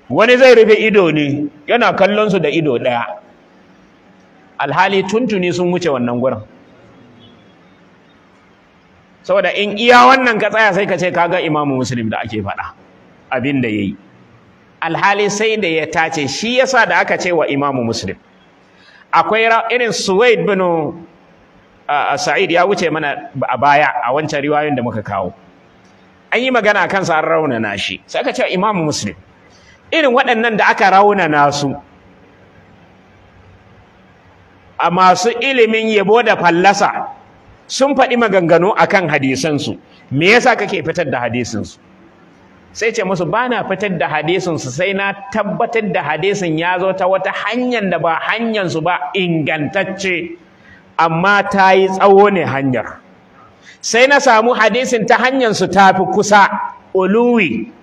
A: wani zai rufe ido ne yana kallon su da ido daya alhali tuntuni sun wuce wannan gurin saboda in iya wannan ka tsaya sai ka ce kaga imamu muslim da ake faɗa abin da ya alhali sai da ya tace shi yasa da aka ce wa imam muslim akwai irin suwaid bin A Sa'id ya wuce mana a baya a wancan riwayoyin da muka kawo an yi magana kansa an raunana shi sai aka ce Imam Muslim irin waɗannan da aka raunana su a masu ilimin yabo da fallasa sun faɗi maganganu a kan hadisansu me yasa kake fitar da hadisinsu sai ce musu ba na fitar da hadisinsu sai na tabbatar da hadisin ya zo ta wata hanyar da ba hanyarsu ba ingantacce amma ta yi tsawo ne hanyar sai na samu hadisin ta hanyarsu ta fi kusa uluwi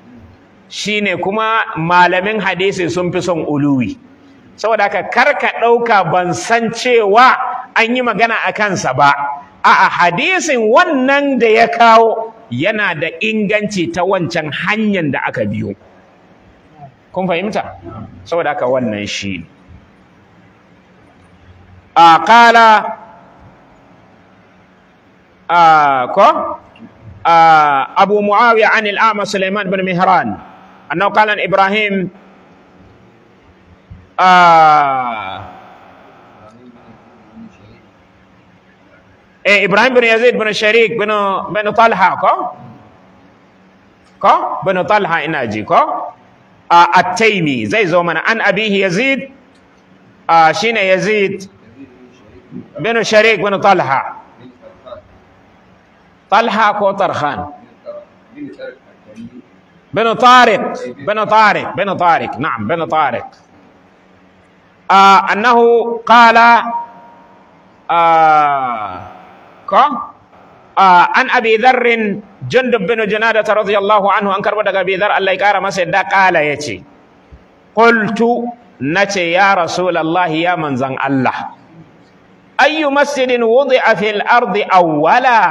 A: shine kuma malamin hadisi sun fi son uluwi saboda haka kar ka ɗauka ban san cewa an yi magana a kansa ba a'a hadisin wannan da ya kawo yana da inganci ta wancan hanyar da aka biyo kun fahimta saboda haka wannan shi a kala آه، آه، أبو معاوية عن الأعمى سليمان بن مهران أنه قال عن إبراهيم آه إيه، إبراهيم بن يزيد بن شريك بن بن طلحة كو كو بن طلحة إناجي كو آه التيمي زي زومنا عن أبيه يزيد آه شين يزيد بن شريك بن طلحة طلحة كو طرخان بن طارق بن طارق بن طارق نعم بن طارق آه أنه قال آه آه عن أبي ذر جندب بن جنادة رضي الله عنه أنكر ودك أبي ذر الله يكار سيدا قال يتي قلت نتي يا رسول الله يا من زن الله أي مسجد وضع في الأرض أولا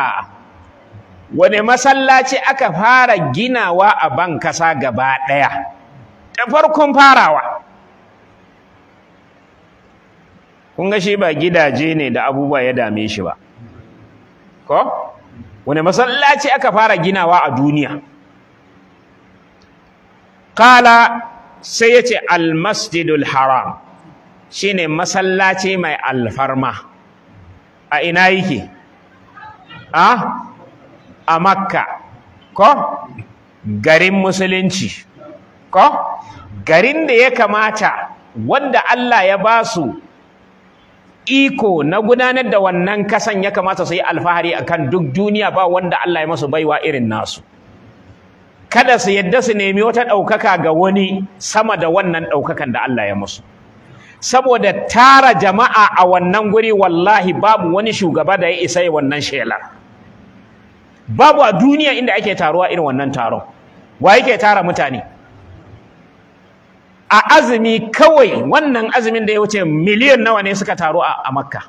A: wani masallaci aka fara ginawa a ban kasa gaba ɗaya ta farkon farawa kun ga shi ba gidaje ne da abubuwa ya dame shi ba ko wani masallaci aka fara ginawa a duniya kala sai ya ce almasjidul haram shine masallaci mai alfarma a ina yake a a makka ko garin musulunci ko garin da ya kamata wanda Allah ya ba su iko na gudanar da wannan kasan ya kamata su yi alfahari a kan duk duniya ba wanda Allah ya masu baiwa irin nasu kada su yadda su nemi wata ɗaukaka ga wani sama da wannan ɗaukakan da Allah ya masu saboda tara jama'a a wannan guri wallahi babu wani shugaba da ya isa wannan shelar babu a duniya inda ake taruwa irin wannan taron wa yake tara mutane a azumi kawai wannan azumin da ya wuce miliyan nawa ne suka taru a makka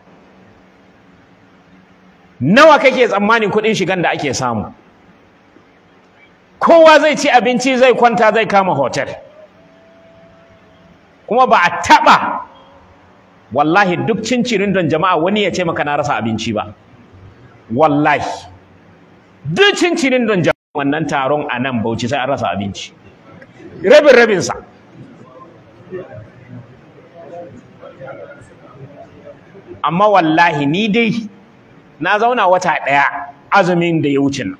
A: nawa kake tsammanin kuɗin shigan da ake samu kowa zai ci abinci zai kwanta zai kama hotel kuma ba a taɓa wallahi duk cincirin don jama'a wani ya ce maka na rasa abinci ba wallahi duk cincinin don wannan taron a nan bauchi sai an rasa abinci rabin rabinsa amma wallahi ni dai na zauna wata ɗaya azumin da ya wuce nan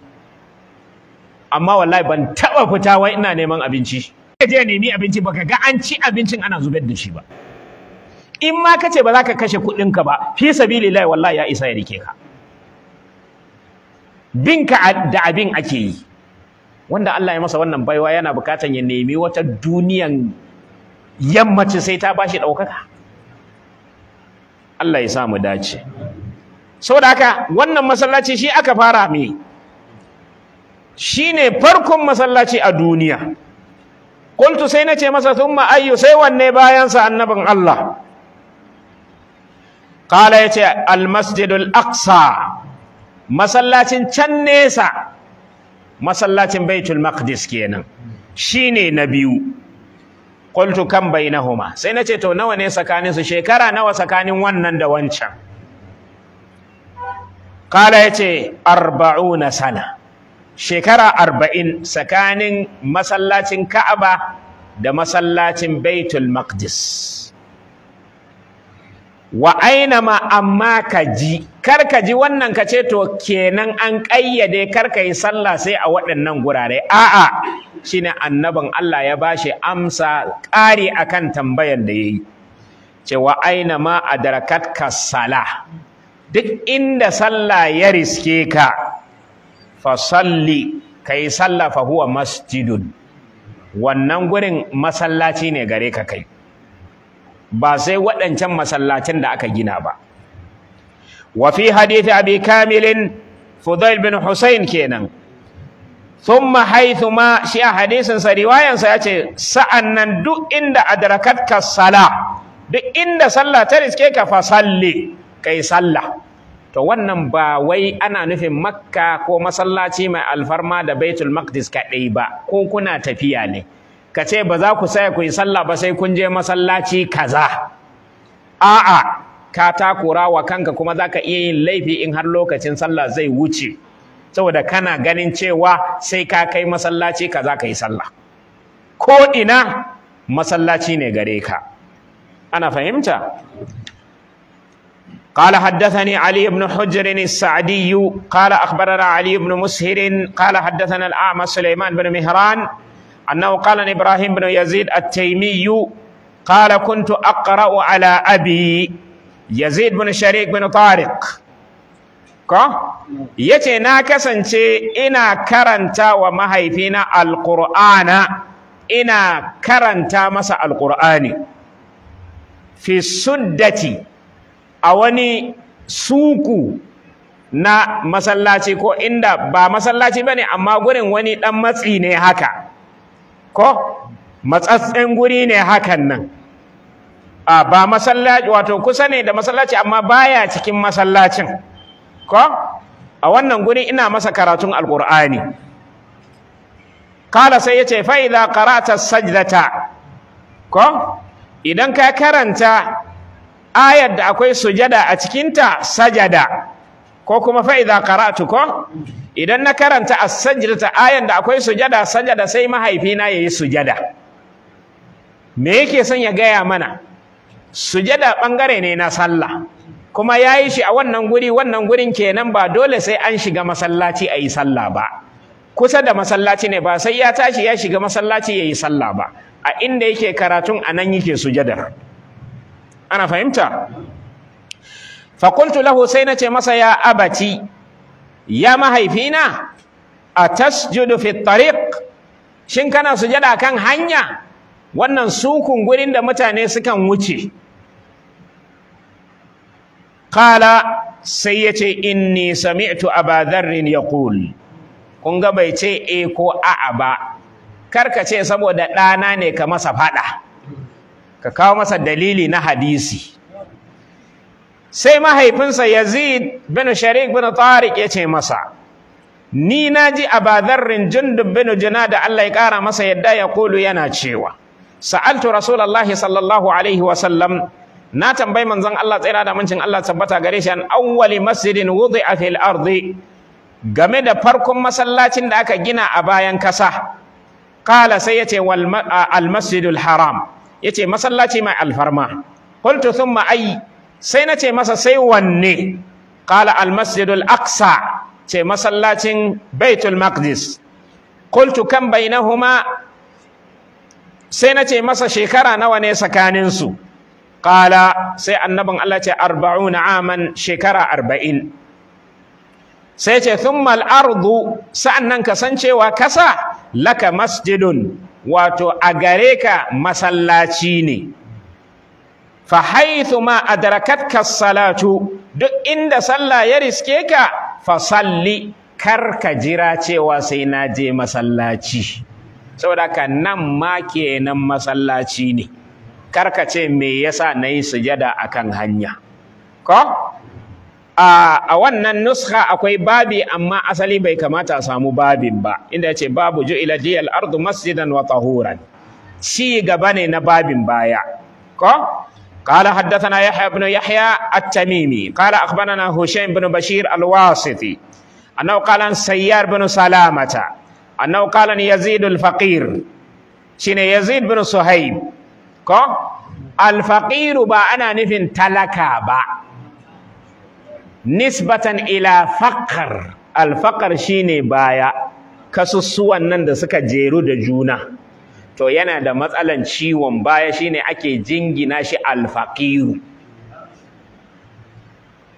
A: amma wallahi ban taɓa fita wai ina neman abinci ka je nemi abinci baka ga an ci abincin ana zubar da shi ba in ma kace ba za ka kashe kuɗinka ba fi sabilillahi wallahi ya isa ya rike ka binka da abin ake yi wanda Allah ya masa wannan baiwa yana bukatan ya nemi wata duniyan yammacin sai ta bashi ɗaukaka Allah ya sa dace saboda haka wannan masallaci shi aka fara mi shine farkon masallaci a duniya kuntu sai nace masa thumma ayyu sai wanne bayan sa annabin Allah qala yace al masjidul aqsa masallacin can nesa masallacin baitul maqdis kenan shine na biyu qultu kam bainahuma sai nace to nawa ne tsakanin su shekara nawa tsakanin wannan da wancan kala yace 40 sana shekara 40 tsakanin masallacin ka'aba da masallacin baitul maqdis wa aina ma amma ka ji kar ka ji wannan ka ce to kenan an ƙayyade kar ka yi sallah sai a waɗannan gurare a'a shine annabin Allah ya bashi amsa ƙari akan tambayan da yayi cewa aina ma adarakat ka sala duk inda sallah ya riske ka fa salli kai sallah fa huwa masjidun wannan gurin masallaci ne gare ka kai ba sai waɗancan masallacin da aka gina ba wa fi hadith abi kamilin fudail bin husayn kenan thumma haythuma shi a hadisin sa riwayan sa yace sa'an nan duk inda adrakatka sala duk inda sallah ta riske ka fa salli kai sallah to wannan ba wai ana nufin makka ko masallaci mai alfarma da baitul maqdis kaɗai ba ko kuna tafiya ne ka ce ba za ku saya ku yi sallah ba sai kun je masallaci kaza a'a ka takura wa kanka kuma za ka iya yin laifi in har lokacin sallah zai wuce saboda kana ganin cewa sai ka kai masallaci kaza ka yi sallah ko ina masallaci ne gare ka ana fahimta قال حدثني علي بن حجر السعدي قال أخبرنا علي بن مسهر قال حدثنا الأعمى سليمان بن مهران أنه قال عن إبراهيم بن يزيد التيمي قال كنت أقرأ على أبي يزيد بن شريك بن طارق ko yace na kasance ina karanta wa mahaifina alqur'ana ina karanta masa alqur'ani fi suddati a wani suku na masallaci ko inda ba masallaci bane amma gurin wani dan matsi ne haka ko matsatsen guri ne hakan nan a ba masallaci wato kusa ne da masallaci amma baya cikin masallacin ko a wannan guri ina masa karatun alqur'ani kala sai yace fa idza qara'ta sajdata ko idan ka karanta ayar da akwai sujada a cikinta sajada ko kuma fa idza qara'tu ko idan na karanta a sajdata ayan da akwai sujada sajada sai mahaifina ya yi sujada me yake son ya gaya mana sujada ɓangare ne na sallah kuma ya yi shi a wannan guri wannan gurin kenan ba dole sai an shiga masallaci a yi sallah ba kusa da masallaci ne ba sai ya tashi ya shiga masallaci ya yi sallah ba a inda yake karatun anan yake sujada ana fahimta fa qultu lahu sai ce masa ya abati ya mahaifina a tasjudu fi shin kana sujada kan hanya wannan sukun gurin da mutane sukan wuce Kala sai ya yace inni sami'tu aba dharrin ya kun ga bai ce e ko a'a ba karka ce saboda ɗana ne ka masa faɗa ka kawo masa dalili na hadisi sai mahaifinsa yazid bin sharik bin tariq ya ce masa ni na ji abadarrin jundub bin juna da allah ya kara masa yadda ya kulu yana cewa sa'altu rasulallahi sallallahu alaihi sallam na tambayi manzon allah tsira da mincin allah tabbata gare shi an awwali masjidin a fil ardi game da farkon masallacin da aka gina a bayan kasa qala sai yace wal al masjidul haram yace masallaci mai alfarma qultu thumma ay sai na ce masa sai wanne kala almasjidul masjidul aqsa ce masallacin baitul maqdis qultu kam bainahuma sai na ce masa shekara nawa ne tsakanin su qala sai annabin Allah ce 40 aman shekara 40 sai ce thumma al ardu sa'annan kasancewa kasa laka masjidun wato a gare ka masallaci ne fa haythu ma adrakatka salatu duk inda sallah ya riske ka fa salli kar ka jira cewa sai na je masallaci saboda ka nan ma kenan masallaci ne kar ka ce me yasa na yi sujada akan hanya ko a wannan nuskha akwai babi amma asali bai kamata a samu babin ba inda yace babu ju'ila jiyal ardu masjidan wa tahuran ci gaba ne na babin baya ko قال حدثنا يحيى بن يحيى التميمي قال أخبرنا هشيم بن بشير الواسطي أنه قال عن سيار بن سلامة أنه قال عن يزيد الفقير شين يزيد بن صهيب كو الفقير با أنا نفن تلكا با نسبة إلى فقر الفقر شين بايا كسسوان نند سكا جيرو دجونا to yana da matsalan ciwon baya shine ake jingina shi alfaqiru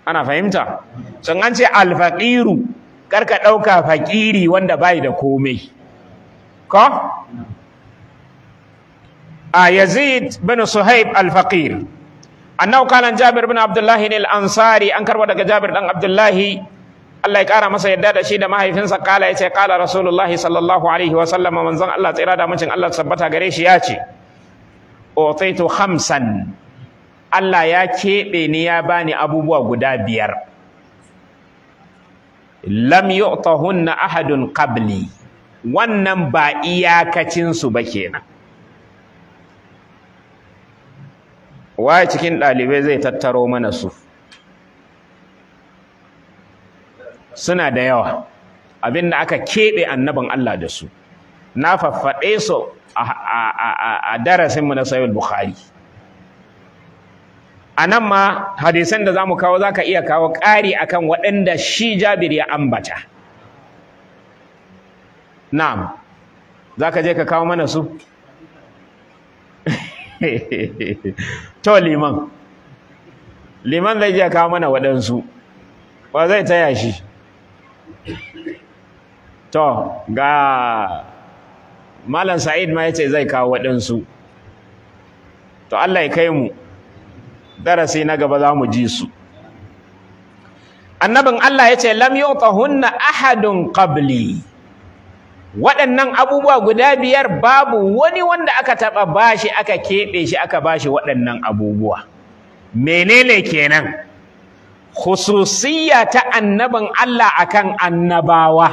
A: ana fahimta sun an ce alfaqiru karka dauka fakiri wanda bai da komai ko a yazid bin suhaib alfaqir annahu kana jabir bin abdullahi al-ansari an karba daga jabir dan abdullahi Allah ya ƙara masa yadda da shi da mahaifinsa kala ya ce kala rasulullahi sallallahu alaihi wa sallam manzon Allah tsira da mucin Allah tabbata gare shi ya ce utaitu khamsan Allah ya keɓe ni ya bani abubuwa guda biyar lam yu'tahunna ahadun qabli wannan ba iyakacin su ba kenan waye cikin ɗalibai zai tattaro mana su suna da yawa abin da aka keɓe annabin Allah da su na faffaɗe su a darasinmu na sayul bukhari a nan ma hadisan da za mu kawo za ka iya kawo ƙari akan waɗanda shi jabir ya ambata na'am za ka je ka kawo mana su to liman liman zai je kawo mana waɗansu ba zai taya shi to ga malam sa'id ma yace zai kawo waɗansu to Allah ya kai mu darasi na gaba za mu ji su annabin Allah ya ce lam yu'tahunna ahadun qabli waɗannan abubuwa guda biyar babu wani wanda aka taɓa bashi aka keɓe shi aka bashi waɗannan abubuwa menene kenan khususiyya ta annabin Allah akan annabawa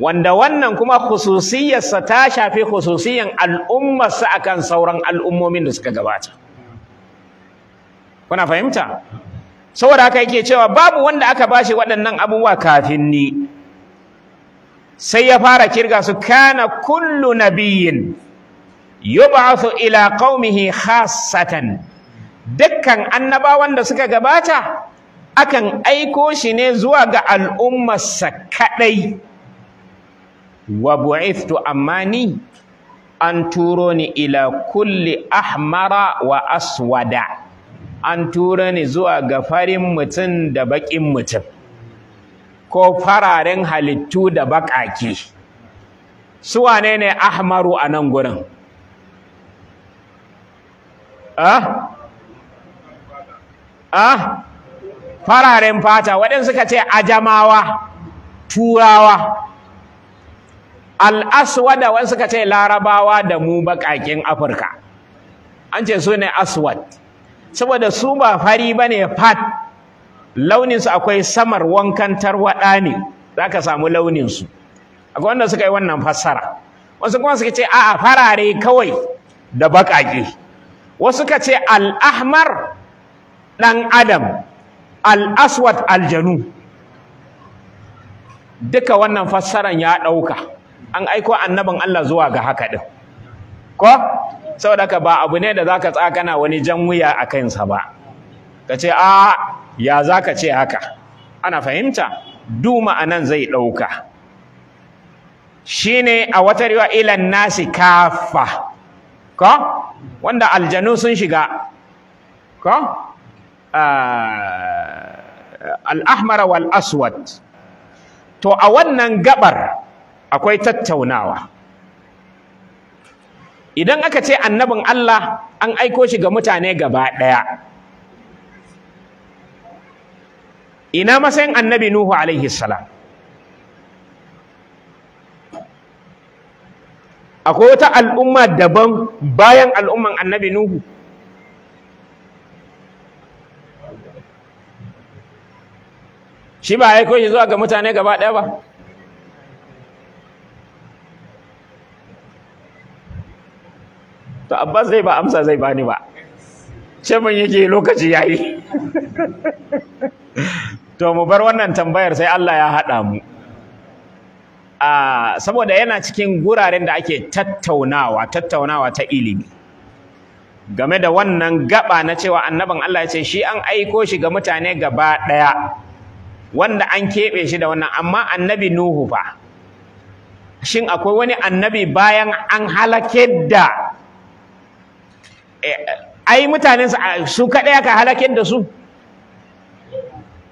A: wanda wannan kuma khususiyarsa ta shafi al'umma al'ummarsa akan sauran al'ummomin da suka gabata kuna fahimta saboda haka yake cewa babu wanda aka bashi waɗannan abubuwa kafin ni sai ya fara kirga su kana kullu nabiyyin yub'athu ila qaumihi khassatan dukkan annabawan da suka gabata akan aiko shi ne zuwa ga al'ummarsa kaɗai wa bu'ithu amma ni an turo ni ila kulli ahmara wa aswada an turo ni zuwa ga farin mutum da baƙin mutum ko fararen halittu da baƙaƙe su wane ne ahmaru a nan gurin ah? a ah, fararen fata waɗansu suka ce ajamawa turawa al'aswada wasu suka ce larabawa da mu baƙaƙen afirka an ce su ne aswad saboda su ba fari ba ne fat launinsu akwai samar wankan tarwaɗa ne za ka samu launinsu akwai wanda suka yi wannan fassara wasu kuma suka ce a'a farare kawai da baƙaƙe wasu suka ce al'ahmar ɗan adam al'aswat aljanu duka wannan fassaran ya ɗauka an aiko annabin Allah zuwa ga haka ɗin ko saboda ka ba abu ne da za ka tsakana wani jan wuya a kansa ba ka ce a ya za ka ce haka ana fahimta duma a nan zai ɗauka Shi ne a wata riwa ilan nasi kafa ko wanda aljanu sun shiga ko al'ahmara wal aswad to a wannan gabar akwai tattaunawa idan aka ce annabin Allah an aiko shi ga mutane gaba ɗaya ina matsayin annabi Nuhu alaihi salam akwai wata al'umma daban bayan al'umman annabi Nuhu shi ba ya koyi zuwa ga mutane gaba ɗaya ba to abbas zai ba amsa zai bani ba ce mun yake lokaci ya yi. to mu bar wannan tambayar sai Allah ya haɗa mu saboda yana cikin guraren da ake tattaunawa tattaunawa ta ilimi game da wannan gaba na cewa annabin Allah ya ce shi an aiko shi ga mutane gaba ɗaya wanda an keɓe shi da wannan amma annabi nuhu fa shin akwai wani annabi bayan an halake da eh, ai mutanen su kaɗai aka halake da su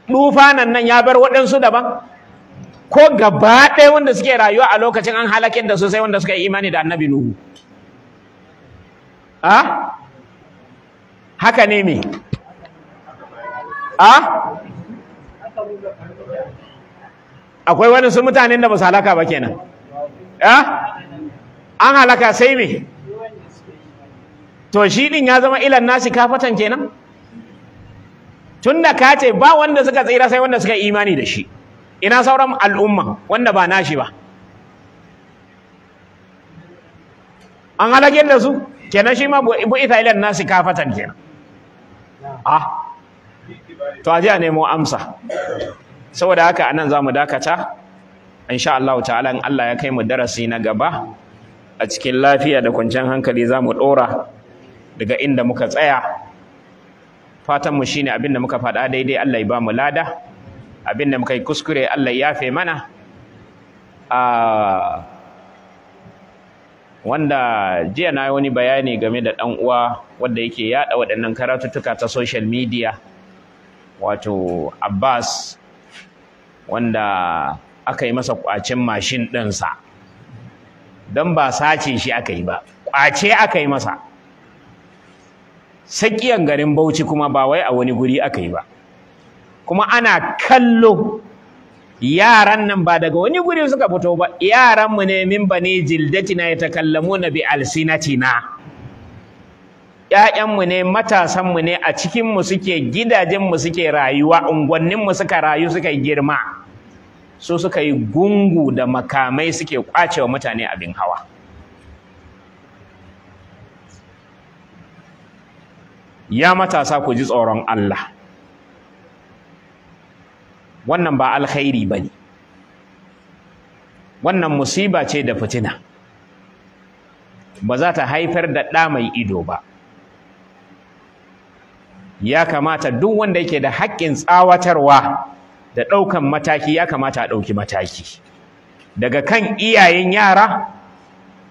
A: dufanan nan ya bar waɗansu daban ko gaba ɗaya wanda suke rayuwa a lokacin an halake da su wanda suka yi imani da annabi nuhu a haka ne me a akwai wani su mutanen da ba su halaka ba kenan an halaka sai me to shi din ya zama ilan nasi kafatan kenan tunda ka ce ba wanda suka tsira sai wanda suka imani da shi ina sauran al'umma wanda ba nashi ba an halake da su kenan shi ma ita ilan nasi kafatan kenan ah to aje a nemo amsa saboda haka anan zamu dakata insha Allah ta'ala in Allah ya kai mu darasi na gaba a cikin lafiya da kwanciyar hankali za mu dora daga inda muka tsaya Fatanmu mu shine abin da muka faɗa daidai Allah ya ba mu lada abin da muka yi kuskure Allah ya yafe mana a wanda jiya na wani bayani game da ɗan uwa wanda yake yada waɗannan karatuttuka ta social media wato Abbas wanda aka yi masa ƙwacen mashin ɗinsa don ba sace shi aka yi ba ƙwace aka yi masa sakiyan garin bauchi kuma ba wai a wani guri aka yi ba kuma ana kallo yaran nan ba daga wani guri suka fito ba yaranmu ne min ba bani jildatina na bi alsinatina Ya'yanmu ne matasanmu ne a cikinmu suke gidajenmu suke rayuwa unguwanninmu suka rayu suka girma su suka yi gungu da makamai suke kwacewa mutane abin hawa ya matasa ku ji tsoron Allah wannan ba alkhairi ba ne wannan musiba ce da fitina ba za ta haifar da ɗa mai ido ba ya kamata duk wanda yake da haƙƙin tsawatarwa da ɗaukan mataki ya kamata a ɗauki mataki daga kan iyayen yara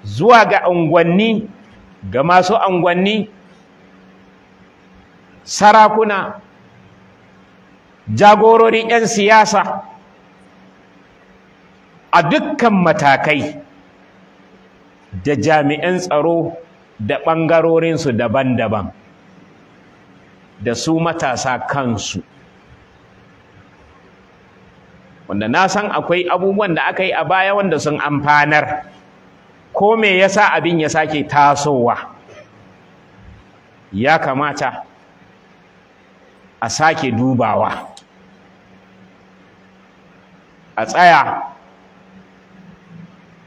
A: zuwa ga unguwanni ga masu unguwanni sarakuna jagorori 'yan siyasa a dukkan matakai da jami'an tsaro da ɓangarorinsu daban-daban da su matasa kansu wanda na san akwai abubuwan da aka yi a baya wanda sun amfanar ko me ya sa abin ya sake tasowa ya kamata a sake dubawa a tsaya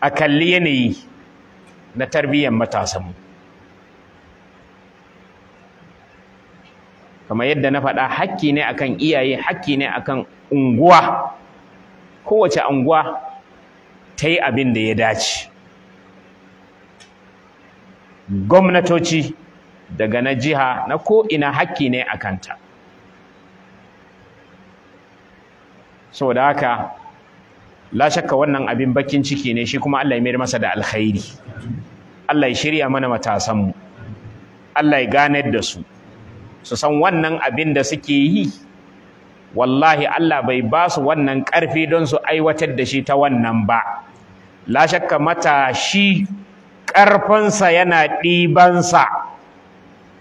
A: a kalli yanayi na tarbiyyar matasanmu kamar yadda na faɗa hakki ne akan iyaye hakki ne akan unguwa kowace unguwa ta yi abin da ya dace gwamnatoci daga na jiha na ko'ina hakki ne a kanta saboda haka la shakka wannan abin bakin ciki ne shi kuma Allah ya mayar masa da alkhairi Allah ya shirya mana matasanmu Allah ya ganar da su su san wannan abin da suke yi wallahi Allah bai ba su wannan ƙarfi don su aiwatar da shi ta wannan ba la shakka matashi ƙarfinsa yana ɗibansa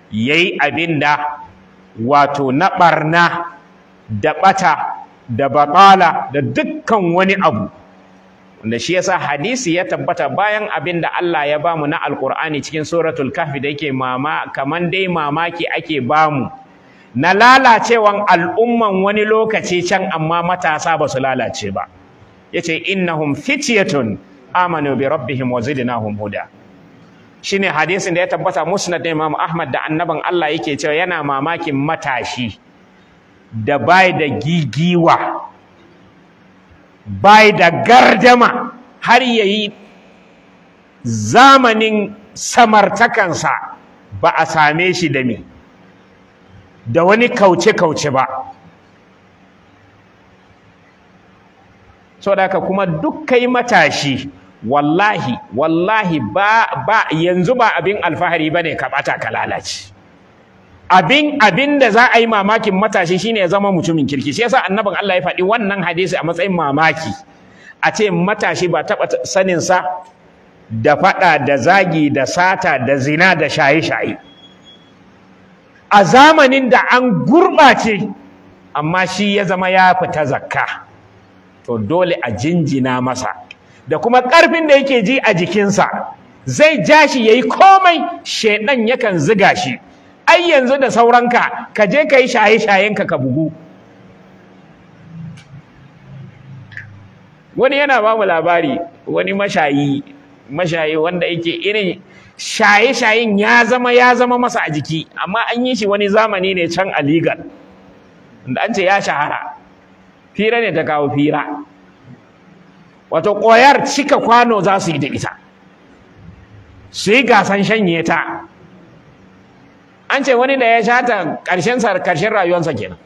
A: ya yi abin da wato na ɓarna da ɓata da baƙala da dukkan wani abu wanda shi yasa hadisi ya tabbata bayan abin da Allah ya bamu na alkur'ani cikin suratul kahfi da yake mama kaman dai mamaki ake bamu na lalacewan al'umman wani lokaci can amma matasa ba su lalace ba yace innahum fityatun amanu bi rabbihim wa zidnahum huda shine hadisin da ya tabbata musnad da Imam Ahmad da annaban Allah yake cewa yana mamakin matashi da bai da gigiwa bai da gardama har ya yi zamanin samartakansa ba a same shi da mi da wani kauce-kauce ba so da kuma duk kai matashi wallahi wallahi ba, yanzu ba abin alfahari ba ne ka bata ka lalace abin abin da za a yi mamakin matashi shine ya zama mutumin kirki shi yasa annabin Allah ya faɗi wannan hadisi a matsayin mamaki a ce matashi ba taɓa sanin sa da faɗa da zagi da sata da zina da shaye-shaye a zamanin da an gurɓace amma shi ya zama ya fita zakka to dole a jinjina masa da kuma ƙarfin da yake ji a jikinsa zai ja shi ya yi komai shaiɗan yakan ziga shi ai yanzu da sauranka ka je ka yi shaye-shayenka ka bugu wani yana ba mu labari wani mashayi mashayi wanda yake irin shaye-shayen ya zama ya zama masa a jiki amma an yi shi wani zamani ne can a legal da an ce ya shahara fira ne ta kawo fira wato ƙwayar cika kwano za su yi da ita su yi gasan shanye ta an ce wani da ya shata ƙarshen sa ƙarshen rayuwarsa kenan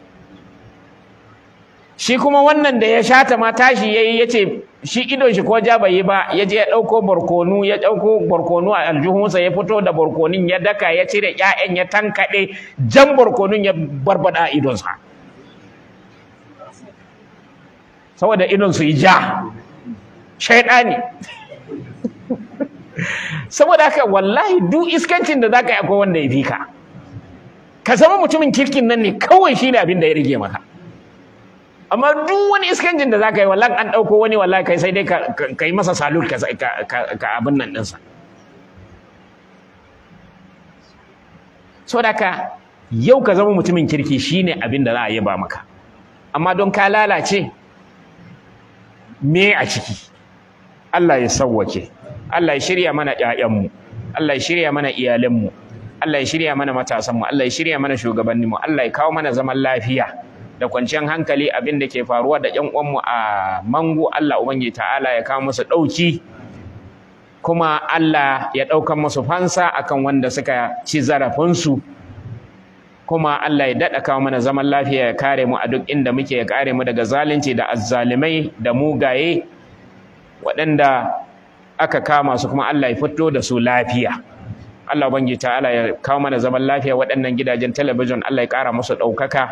A: shi kuma wannan da ya shata ma tashi yayi yace shi idon shi ko ja bai yi ba Yaje ya ɗauko barkonu ya ɗauko barkonu a aljuhunsa, ya fito da barkonin ya daka ya cire ƴaƴan ya tankaɗe jan barkonun ya barbada idonsa saboda idon su yi ja saboda haka wallahi duk iskancin da zaka yi akwai wanda ya fi ka zama mutumin kirkin nan ne kawai shine abin da ya rige maka amma duk wani iskanjin da za ka yi wallahi an ɗauko wani wallahi kai sai dai ka yi masa salut ka abin nan ɗinsa. so da ka yau ka zama mutumin kirki shine abin da za a yi ba maka amma don ka lalace me a ciki Allah ya sawwake Allah ya shirya mana ƴaƴanmu Allah ya shirya mana iyalanmu Allah ya shirya mana matasanmu Allah ya shirya mana shugabanninmu Allah ya kawo mana zaman lafiya da kwanciyar hankali abin da ke faruwa da ƴan uwanmu a mango Allah ubangi ta'ala ya kawo musu ɗauki kuma Allah ya ɗaukan musu fansa akan wanda suka ci zarafinsu kuma Allah ya daɗa kawo mana zaman lafiya ya kare mu a duk inda muke ya kare mu daga zalunci da azzalimai da mugaye waɗanda aka kama su kuma Allah ya fito da su lafiya Allah bangi ta'ala ya kawo mana zaman lafiya waɗannan gidajen talabijin Allah ya ƙara musu ɗaukaka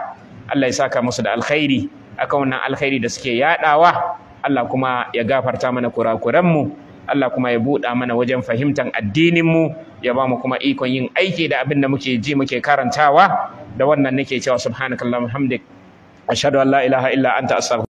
A: Allah ya saka musu da alkhairi akan wannan alkhairi da suke yaɗawa Allah kuma ya gafarta mana kurakuranmu Allah kuma ya buɗa mana wajen fahimtar addininmu ya ba mu kuma ikon yin aiki da abin da muke ji muke karantawa da wannan nake cewa subhanakallahumma hamdik ashhadu an la ilaha illa anta astaghfiruka